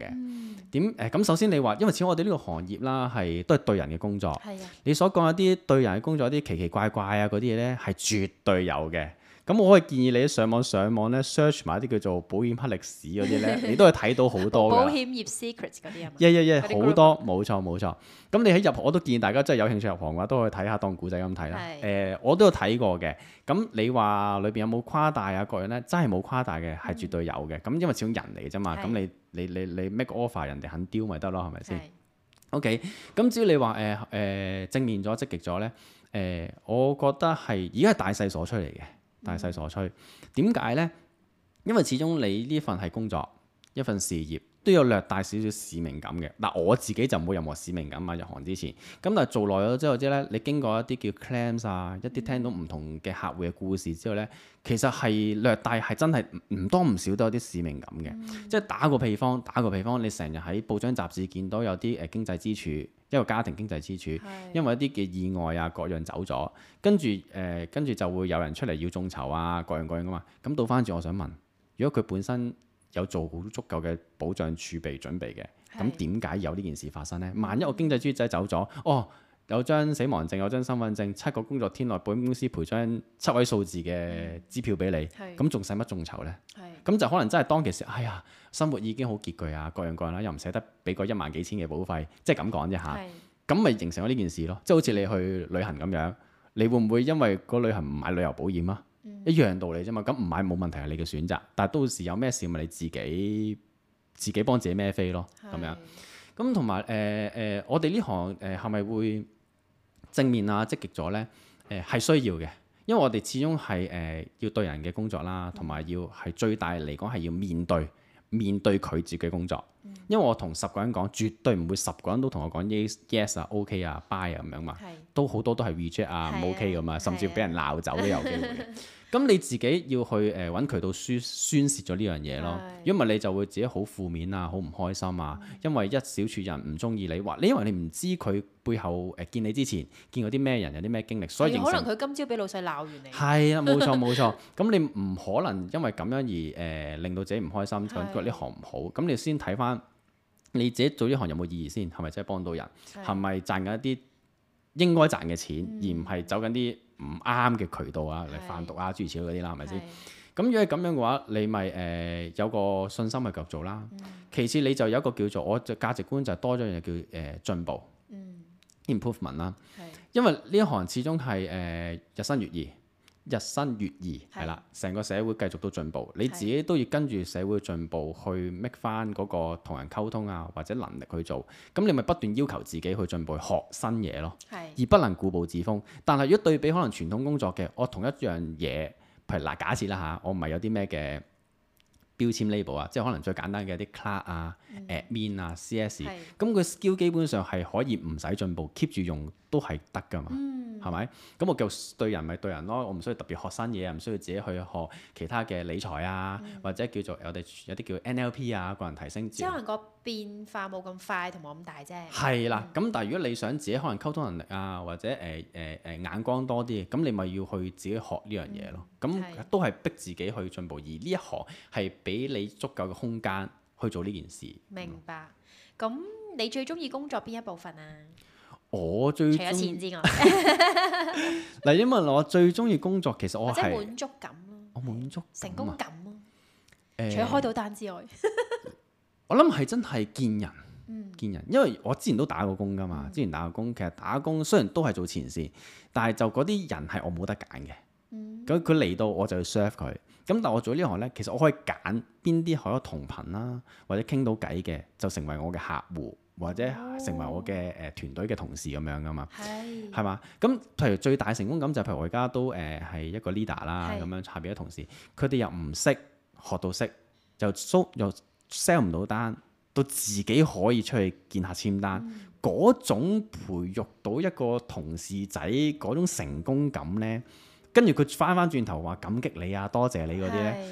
點誒、嗯？咁、呃呃、首先你話，因為似我哋呢個行業啦，係都係對人嘅工作。係啊的。你所講一啲對人嘅工作，一啲奇奇怪怪啊嗰啲嘢咧，係絕對有嘅。咁我可以建議你上網上網咧 search 埋一啲叫做保險黑歷史嗰啲咧，你都係睇到好多 保險業 secret 嗰啲一一一好多，冇錯冇錯。咁你喺入行我都建議大家真係有興趣入行嘅話，都可以睇下當古仔咁睇啦。誒是、呃，我都有睇過嘅。咁你話裏邊有冇誇大啊？各樣咧真係冇誇大嘅，係絕對有嘅。咁、嗯、因為始終人嚟嘅啫嘛，咁，是你你你你，你，你 make offer，人哋肯 deal 咪得咯，係咪先？OK。咁只要你話誒誒正面咗積極咗咧，誒、呃、我覺得係而家係大勢所出嚟嘅。大勢所趨，點解呢？因為始終你呢份係工作，一份事業，都有略帶少少使命感嘅。嗱，我自己就冇任何使命感啊！入行之前，咁但係做耐咗之後，即係咧，你經過一啲叫 claims 啊，一啲聽到唔同嘅客戶嘅故事之後呢，其實係略帶，係真係唔多唔少都有啲使命感嘅。嗯、即係打個譬方，打個譬方，你成日喺報章雜誌見到有啲誒經濟支柱。一個家庭經濟支柱，因為一啲嘅意外啊，各樣走咗，跟住誒、呃，跟住就會有人出嚟要眾籌啊，各樣各樣噶嘛。咁到翻轉，我想問，如果佢本身有做好足夠嘅保障儲備準備嘅，咁點解有呢件事發生呢？萬一我經濟支柱走咗，哦，有張死亡證，有張身份證，七個工作天內，保險公司賠張七位數字嘅支票俾你，咁仲使乜眾籌呢？咁的就可能真係當其時，哎呀～生活已經好拮據啊，各樣各樣啦，又唔捨得俾個一萬幾千嘅保費，即係咁講啫吓，咁咪是、啊、形成咗呢件事咯，即係好似你去旅行咁樣，你會唔會因為個旅行唔買旅遊保險啊？嗯、一樣道理啫嘛。咁唔買冇問題係你嘅選擇，但係到時有咩事咪你自己自己幫自己孭飛咯咁是樣。咁同埋誒誒，我哋呢行誒係咪會正面啊積極咗咧？誒、呃、係需要嘅，因為我哋始終係誒、呃、要對人嘅工作啦，同埋要係最大嚟講係要面對。面對拒絕嘅工作，因為我同十個人講，絕對唔會十個人都同我講 yes yes 啊，OK 啊，bye 啊咁樣嘛，是都好多都係 reject 啊，唔 OK 咁啊，OK、嘛啊甚至俾人鬧走都有機會。是啊 咁你自己要去誒揾、呃、渠道宣宣泄咗呢樣嘢咯，因為的你就會自己好負面啊，好唔開心啊，的因為一小撮人唔中意你話，你因為你唔知佢背後誒、呃、見你之前見過啲咩人，有啲咩經歷，所以可能佢今朝俾老細鬧完你，係啊，冇錯冇錯，咁 你唔可能因為咁樣而誒、呃、令到自己唔開心，咁話呢行唔好，咁你先睇翻你自己做呢行有冇意義先，係咪真係幫到人，係咪賺緊一啲應該賺嘅錢，而唔係走緊啲。唔啱嘅渠道啊，嚟是販毒啊諸如此類嗰啲啦，係咪先？咁如果係咁樣嘅話，你咪誒有個信心繼續做啦。其、嗯、次，你就有一個叫做我嘅價值觀，就係多咗樣嘢叫誒進步，improvement 啦。因為呢一行始終係誒、呃、日新月異。日新月異係啦，成的個社會繼續都進步，的你自己都要跟住社會進步去 make 翻嗰個同人溝通啊，或者能力去做，咁你咪不斷要求自己去進步，學新嘢咯，的而不能固步自封。但係如果對比可能傳統工作嘅，我同一樣嘢，譬如嗱，呃，假設啦嚇，我唔係有啲咩嘅。標籤 label 啊，即係可能最簡單嘅一啲 class 啊、admin 啊、C.S. 咁個 skill 基本上係可以唔使進步，keep 住用都係得㗎嘛，係咪？咁我叫對人咪對人咯，我唔需要特別學新嘢，唔需要自己去學其他嘅理財啊，或者叫做我哋有啲叫 NLP 啊，個人提升。即可能個變化冇咁快同冇咁大啫。係啦，咁但係如果你想自己可能溝通能力啊，或者誒誒誒眼光多啲，咁你咪要去自己學呢樣嘢咯。咁都係逼自己去進步，而呢一行。係。俾你足夠嘅空間去做呢件事。明白。咁你最中意工作邊一部分啊？我最除咗錢之外，嗱，因為我最中意工作，其實我係即係滿足感咯，我滿足，成功感咯，誒，除咗開到單之外，我諗係真係見人，見人，因為我之前都打過工㗎嘛，之前打過工，其實打工雖然都係做前線，但係就嗰啲人係我冇得揀嘅，咁佢嚟到我就要 serve 佢。咁但係我做呢行咧，其實我可以揀邊啲可以同頻啦、啊，或者傾到偈嘅，就成為我嘅客戶，或者成為我嘅誒團隊嘅同事咁樣噶嘛。係、哦。係嘛？咁譬如最大成功感就係、譬如我而家都誒係一個 leader 啦，咁樣下邊嘅同事，佢哋又唔識學到識，又收又 sell 唔到單，到自己可以出去見下簽單，嗰、嗯、種培育到一個同事仔嗰種成功感咧。跟住佢翻翻轉頭話感激你啊，多謝你嗰啲咧，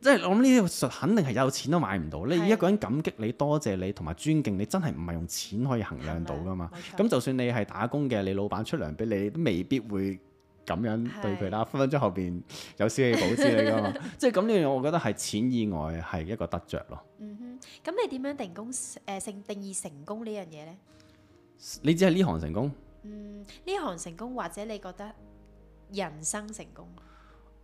即係是、就是、我諗呢啲實肯定係有錢都買唔到。你是一個人感激你、多謝你同埋尊敬你，真係唔係用錢可以衡量到噶嘛？咁就算你係打工嘅，你老闆出糧俾你都未必會咁樣對佢啦。分分鐘後邊有小氣保之類噶嘛。即係咁呢樣，我覺得係錢以外係一個得着咯。嗯哼，咁你點樣定功？誒、呃、定義成功呢樣嘢呢？你只係呢行成功？嗯，呢行成功或者你覺得？人生成功？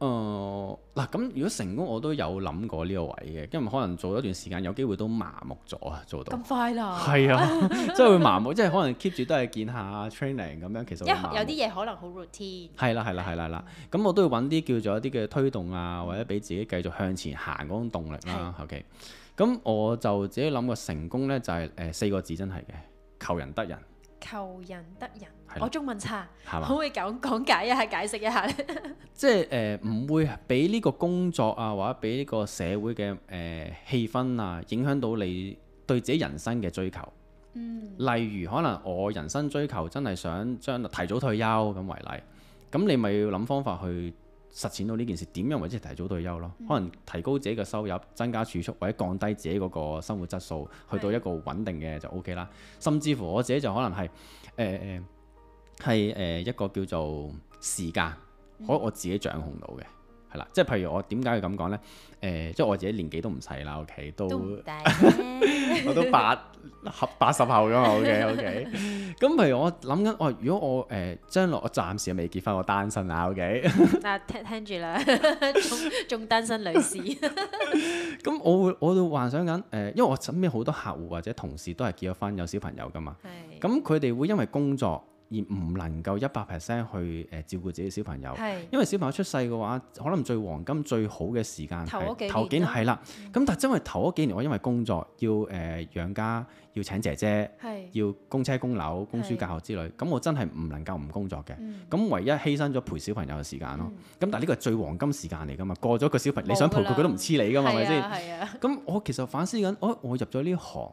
誒嗱、呃，咁如果成功，我都有諗過呢個位嘅，因為可能做咗一段時間，有機會都麻木咗啊，做到咁快啦，係啊，即係 會麻木， 即係可能 keep 住都係見下 training 咁樣，其實有啲嘢可能好 routine，係啦係啦係啦係啦，咁、嗯、我都會揾啲叫做一啲嘅推動啊，或者俾自己繼續向前行嗰種動力啦、啊。的 OK，咁我就自己諗個成功咧，就係、是、誒、呃、四個字，真係嘅，求人得人。求人得人，的我中文差，可唔嗎可以講講解一下、解釋一下咧？ 即係誒，唔、呃、會俾呢個工作啊，或者俾呢個社會嘅誒、呃、氣氛啊，影響到你對自己人生嘅追求。嗯、例如可能我人生追求真係想將提早退休咁為例，咁你咪要諗方法去。實踐到呢件事，點樣為之提早退休咯？可能提高自己嘅收入，增加儲蓄，或者降低自己嗰個生活質素，去到一個穩定嘅就 OK 啦。的甚至乎我自己就可能係誒係誒一個叫做時間，可我自己掌控到嘅。係啦，即係譬如我點解要咁講咧？誒、呃，即係我自己年紀都唔細啦，O K，都，都 我都八合八十後咗，O K O K。咁、okay? okay? 譬如我諗緊，我、呃、如果我誒將、呃、來我暫時未結婚，我單身啊，O K。Okay? 啊，聽，聽住啦，仲 仲單身女士。咁 我會我都幻想緊誒、呃，因為我身邊好多客戶或者同事都係結咗婚有小朋友噶嘛。係的。咁佢哋會因為工作。而唔能夠一百 percent 去誒照顧自己小朋友，因為小朋友出世嘅話，可能最黃金最好嘅時間，頭嗰幾年係啦。咁但係真係頭嗰幾年我因為工作要誒養家，要請姐姐，要供車供樓、供書教學之類，咁我真係唔能夠唔工作嘅。咁唯一犧牲咗陪小朋友嘅時間咯。咁但係呢個係最黃金時間嚟㗎嘛。過咗個小朋友，你想陪佢，佢都唔黐你㗎嘛？係咪先？係啊。咁我其實反思緊，我我入咗呢行。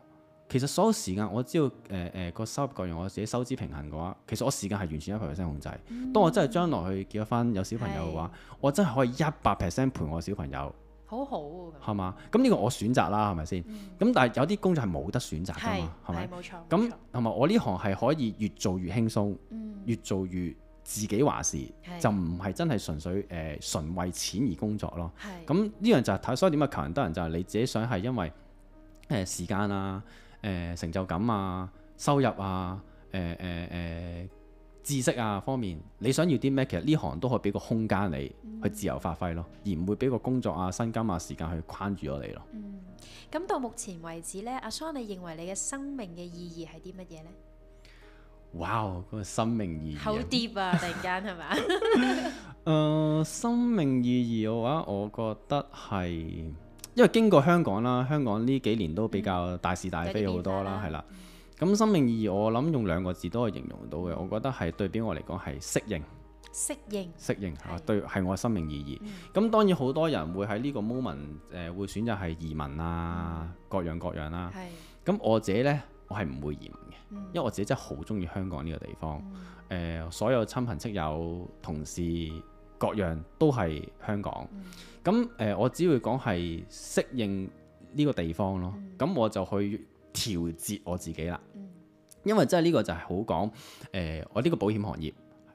其實所有時間，我知道誒誒個收入過嚟，我自己收支平衡嘅話，其實我時間係完全一百 percent 控制。當我真係將來去結咗婚有小朋友嘅話，我真係可以一百 percent 陪我小朋友。好好。係嘛？咁呢個我選擇啦，係咪先？咁但係有啲工作係冇得選擇㗎嘛？係咪？冇錯。咁同埋我呢行係可以越做越輕鬆，越做越自己話事，就唔係真係純粹誒純為錢而工作咯。係。咁呢樣就係睇，所以點解求人得人就係你自己想係因為誒時間啦。誒、呃，成就感啊，收入啊，誒誒誒，知、呃呃、識啊方面，你想要啲咩？其實呢行都可以俾個空間你去自由發揮咯，嗯、而唔會俾個工作啊、薪金啊、時間去框住咗你咯。嗯，咁到目前為止呢，阿 Zon，你認為你嘅生命嘅意義係啲乜嘢呢？哇哦，個生命意義好 deep 啊！突然間係咪？誒，生命意義嘅、啊 呃、話，我覺得係。因為經過香港啦，香港呢幾年都比較大是大非好多啦，係、嗯、啦。咁生命意義，我諗用兩個字都可以形容到嘅。我覺得係對比我嚟講係適應，適應，適應嚇，對係我嘅生命意義。咁、嗯、當然好多人會喺呢個 moment 誒、呃、會選擇係移民啊，嗯、各樣各樣啦、啊。咁、嗯、我自己呢，我係唔會移民嘅，嗯、因為我自己真係好中意香港呢個地方。嗯呃、所有親朋戚友、同事、各樣都係香港，咁誒、嗯呃，我只會講係適應呢個地方咯。咁、嗯、我就去調節我自己啦。嗯、因為真係呢個就係好講誒、呃，我呢個保險行業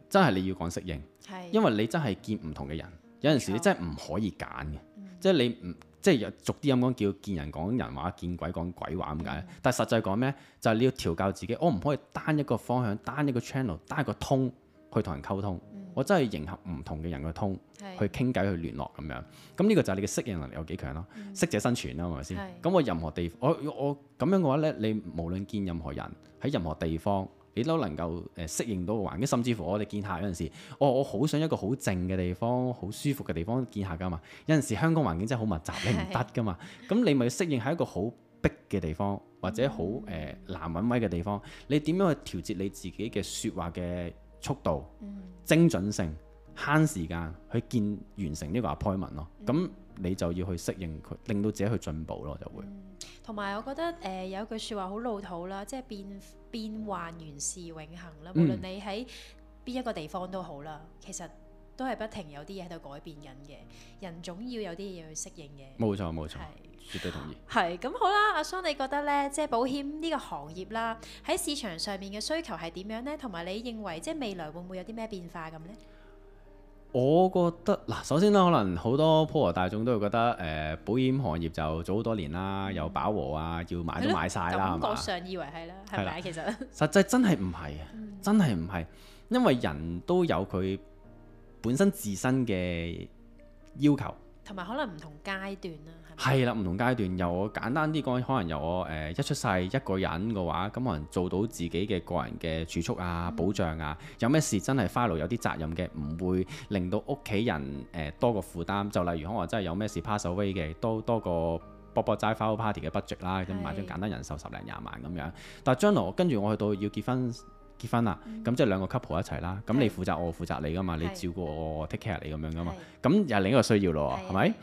真係你要講適應，是因為你真係見唔同嘅人，有陣時你真係唔可以揀嘅，即係錯你唔即係逐啲咁講叫見人講人話，見鬼講鬼話咁解。嗯、但係實際講咩？就係、是、你要調教自己，我唔可以單一個方向、單一個 channel、單一個通。去同人溝通，嗯、我真係迎合唔同嘅人嘅 tone, 是去通去傾偈，去聯絡咁樣。咁呢個就係你嘅適應能力有幾強咯。嗯、適者生存啦，係咪先？咁我任何地方我我咁樣嘅話咧，你無論見任何人喺任何地方，你都能夠誒適應到個環境，甚至乎我哋見客有陣時、哦，我我好想一個好靜嘅地方，好舒服嘅地方見客㗎嘛。有陣時香港環境真係好密集，是你唔得㗎嘛。咁是你咪適應喺一個好逼嘅地方，或者好誒、嗯呃、難揾位嘅地方，你點樣去調節你自己嘅説話嘅？速度、嗯、精準性、慳時間去見完成呢個 appointment 咯，咁、嗯、你就要去適應佢，令到自己去進步咯就會。同埋、嗯、我覺得誒、呃、有一句説話好老土啦，即係變變幻原是永恆啦，嗯、無論你喺邊一個地方都好啦，其實都係不停有啲嘢喺度改變緊嘅，人總要有啲嘢去適應嘅。冇錯，冇錯。絕對同意。係，咁好啦，阿桑，你覺得呢，即係保險呢個行業啦，喺市場上面嘅需求係點樣呢？同埋你認為即係未來會唔會有啲咩變化咁呢？我覺得嗱，首先啦，可能好多普羅大眾都會覺得誒、呃、保險行業就早好多年啦，又飽和啊，要買、嗯、都買晒啦。感覺了上以為係啦，係咪了？吧其實實際真係唔係，嗯、真係唔係，因為人都有佢本身自身嘅要求。同埋可能唔同階段啦，係啦，唔同階段由我簡單啲講，可能由我誒、呃、一出世一個人嘅話，咁可能做到自己嘅個人嘅儲蓄啊、保障啊，嗯、有咩事真係花路有啲責任嘅，唔會令到屋企人誒、呃、多個負擔。就例如可能真係有咩事 pass away 嘅，多多個博博齋花好 party 嘅 budget 啦，咁的買張簡單人壽十零廿萬咁樣。但將來我跟住我去到要結婚。結婚啦，咁、嗯、即係兩個 couple 一齊啦。咁、嗯、你負責是我，我負責你噶嘛，是你照顧我，我 take care 你咁樣噶嘛。咁是又係另一個需要咯，係咪的？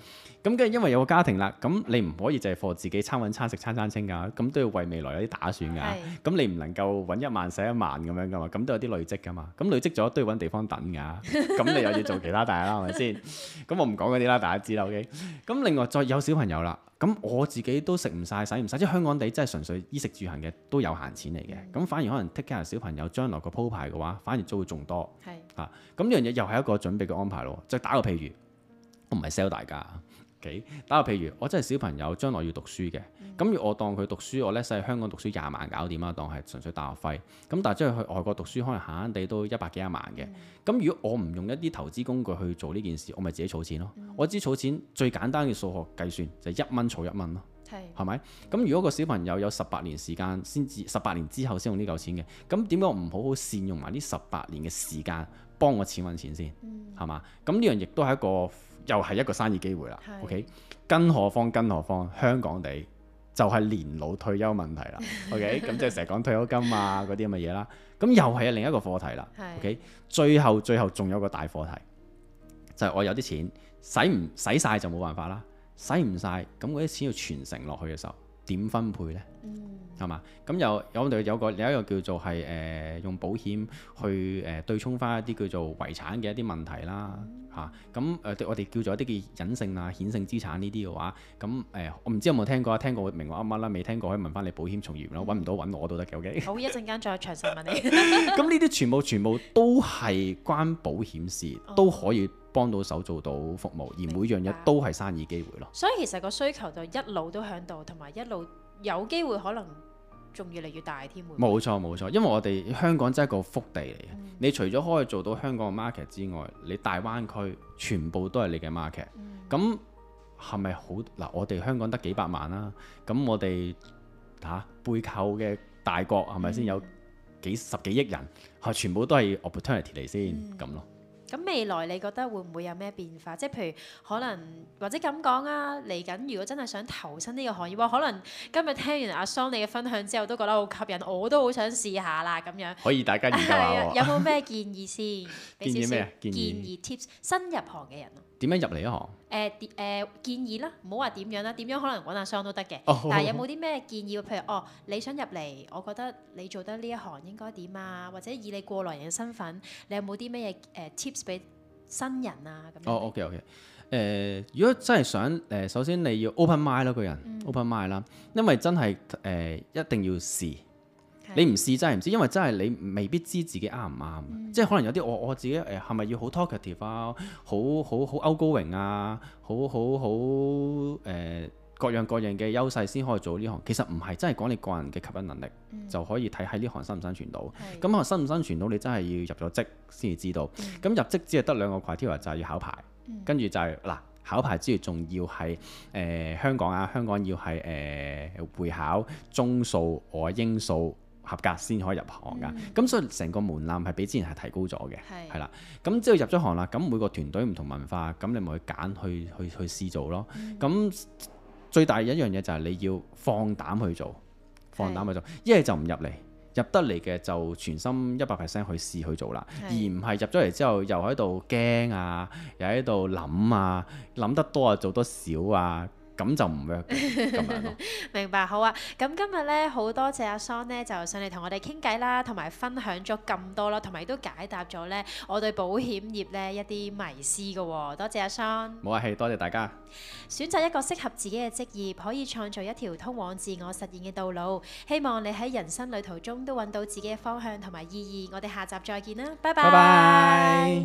咁梗係因為有個家庭啦，咁你唔可以就係 for 自己餐揾餐食，餐餐清㗎，咁都要為未來有啲打算㗎。咁的你唔能夠揾一萬使一萬咁樣㗎嘛？咁都有啲累積㗎嘛？咁累積咗都要揾地方等㗎，咁 你又要做其他大啦，係咪先？咁 我唔講嗰啲啦，大家知啦。OK。咁另外再有小朋友啦，咁我自己都食唔晒、使唔使，即係香港地真係純粹衣食住行嘅都有閒錢嚟嘅。咁、嗯、反而可能 take care 小朋友將來個鋪排嘅話，反而都會仲多的啊。咁呢樣嘢又係一個準備嘅安排咯。就是、打個譬如，我唔係 sell 大家。打個譬如，我真係小朋友，將來要讀書嘅，咁如果、嗯、我當佢讀書，我叻使香港讀書廿萬搞掂啦，當係純粹大學費。咁但係真係去外國讀書，可能閒閒哋都一百幾廿萬嘅。咁、嗯、如果我唔用一啲投資工具去做呢件事，我咪自己儲錢咯。嗯、我知儲錢最簡單嘅數學計算就一蚊儲一蚊咯。係，係咪？咁如果個小朋友有十八年時間先至，十八年之後先用呢嚿錢嘅，咁點解我唔好好善用埋呢十八年嘅時間幫我錢揾錢先？係嘛、嗯？咁呢樣亦都係一個。又係一個生意機會啦是，OK？更何況更何況，香港地就係、是、年老退休問題啦，OK？咁即係成日講退休金啊嗰啲咁嘅嘢啦，咁 又係另一個課題啦是，OK？最後最後仲有個大課題，就係、是、我有啲錢使唔使晒就冇辦法啦，使唔晒，咁嗰啲錢要傳承落去嘅時候。點分配呢？係嘛、嗯？咁又有我哋有，有個另一個叫做係誒、呃、用保險去誒、呃、對沖翻一啲叫做遺產嘅一啲問題啦嚇。咁誒、嗯啊呃、我哋叫做一啲嘅隱性啊顯性資產呢啲嘅話，咁誒、呃、我唔知有冇聽過啊？聽過明我啱啱啦，未聽過可以問翻你保險從業員咯，揾唔到揾我都得嘅。O K。好，一陣間再詳細問你。咁呢啲全部全部都係關保險事，都可以。幫到手做到服務，而每樣嘢都係生意機會咯。所以其實個需求就一路都喺度，同埋一路有機會可能仲越嚟越大添。冇錯冇錯，因為我哋香港真係個福地嚟嘅。嗯、你除咗可以做到香港嘅 market 之外，你大灣區全部都係你嘅 market。咁係咪好嗱？我哋香港得幾百萬啦、啊，咁我哋吓、啊、背靠嘅大國係咪先有幾十幾億人？係、啊、全部都係 opportunity 嚟先咁、嗯、咯。咁未來你覺得會唔會有咩變化？即係譬如可能或者咁講啊，嚟緊如果真係想投身呢個行業，哇！可能今日聽完阿 Zon 你嘅分享之後，都覺得好吸引，我都好想試下啦咁樣。可以大家有冇咩建議先？ 建議咩？建議，建議 tips 新入行嘅人？點樣入嚟一行？誒誒、呃呃、建議啦，唔好話點樣啦，點樣可能揾下商都得嘅。哦、但係有冇啲咩建議？譬如哦，你想入嚟，我覺得你做得呢一行應該點啊？或者以你過來人嘅身份，你有冇啲咩嘢誒 tips 俾新人啊？咁樣哦，OK OK、呃。誒，如果真係想誒、呃，首先你要 open mind 咯，個人、嗯、open mind 啦，因為真係誒、呃、一定要試。你唔試真係唔知，因為真係你未必知自己啱唔啱，嗯、即係可能有啲我我自己誒係咪要好 talkative 啊，好好好高榮啊，好好好誒、呃、各樣各樣嘅優勢先可以做呢行。其實唔係，真係講你個人嘅吸引能力、嗯、就可以睇喺呢行生唔生存到。咁啊生唔生存到你真係要入咗職先至知道。咁、嗯、入職只係得兩個 criteria，就係要考牌，嗯、跟住就係、是、嗱考牌之餘仲要係誒、呃、香港啊，香港要係誒會考中數我英數，合格先可以入行噶，咁、嗯、所以成個門檻係比之前係提高咗嘅，係啦是。咁之後入咗行啦，咁每個團隊唔同文化，咁你咪去揀去去去試做咯。咁、嗯、最大一樣嘢就係你要放膽去做，放膽去做，一係是就唔入嚟，入得嚟嘅就全心一百 percent 去試去做啦，是而唔係入咗嚟之後又喺度驚啊，又喺度諗啊，諗得多啊，做得少啊。咁就唔 work 嘅咁樣咯。明白，好啊。咁今日呢，好多謝阿桑呢，就上嚟同我哋傾偈啦，同埋分享咗咁多啦，同埋都解答咗呢，我對保險業呢一啲迷思嘅。多謝阿桑。冇客氣，多謝大家。選擇一個適合自己嘅職業，可以創造一條通往自我實現嘅道路。希望你喺人生旅途中都揾到自己嘅方向同埋意義。我哋下集再見啦，拜拜。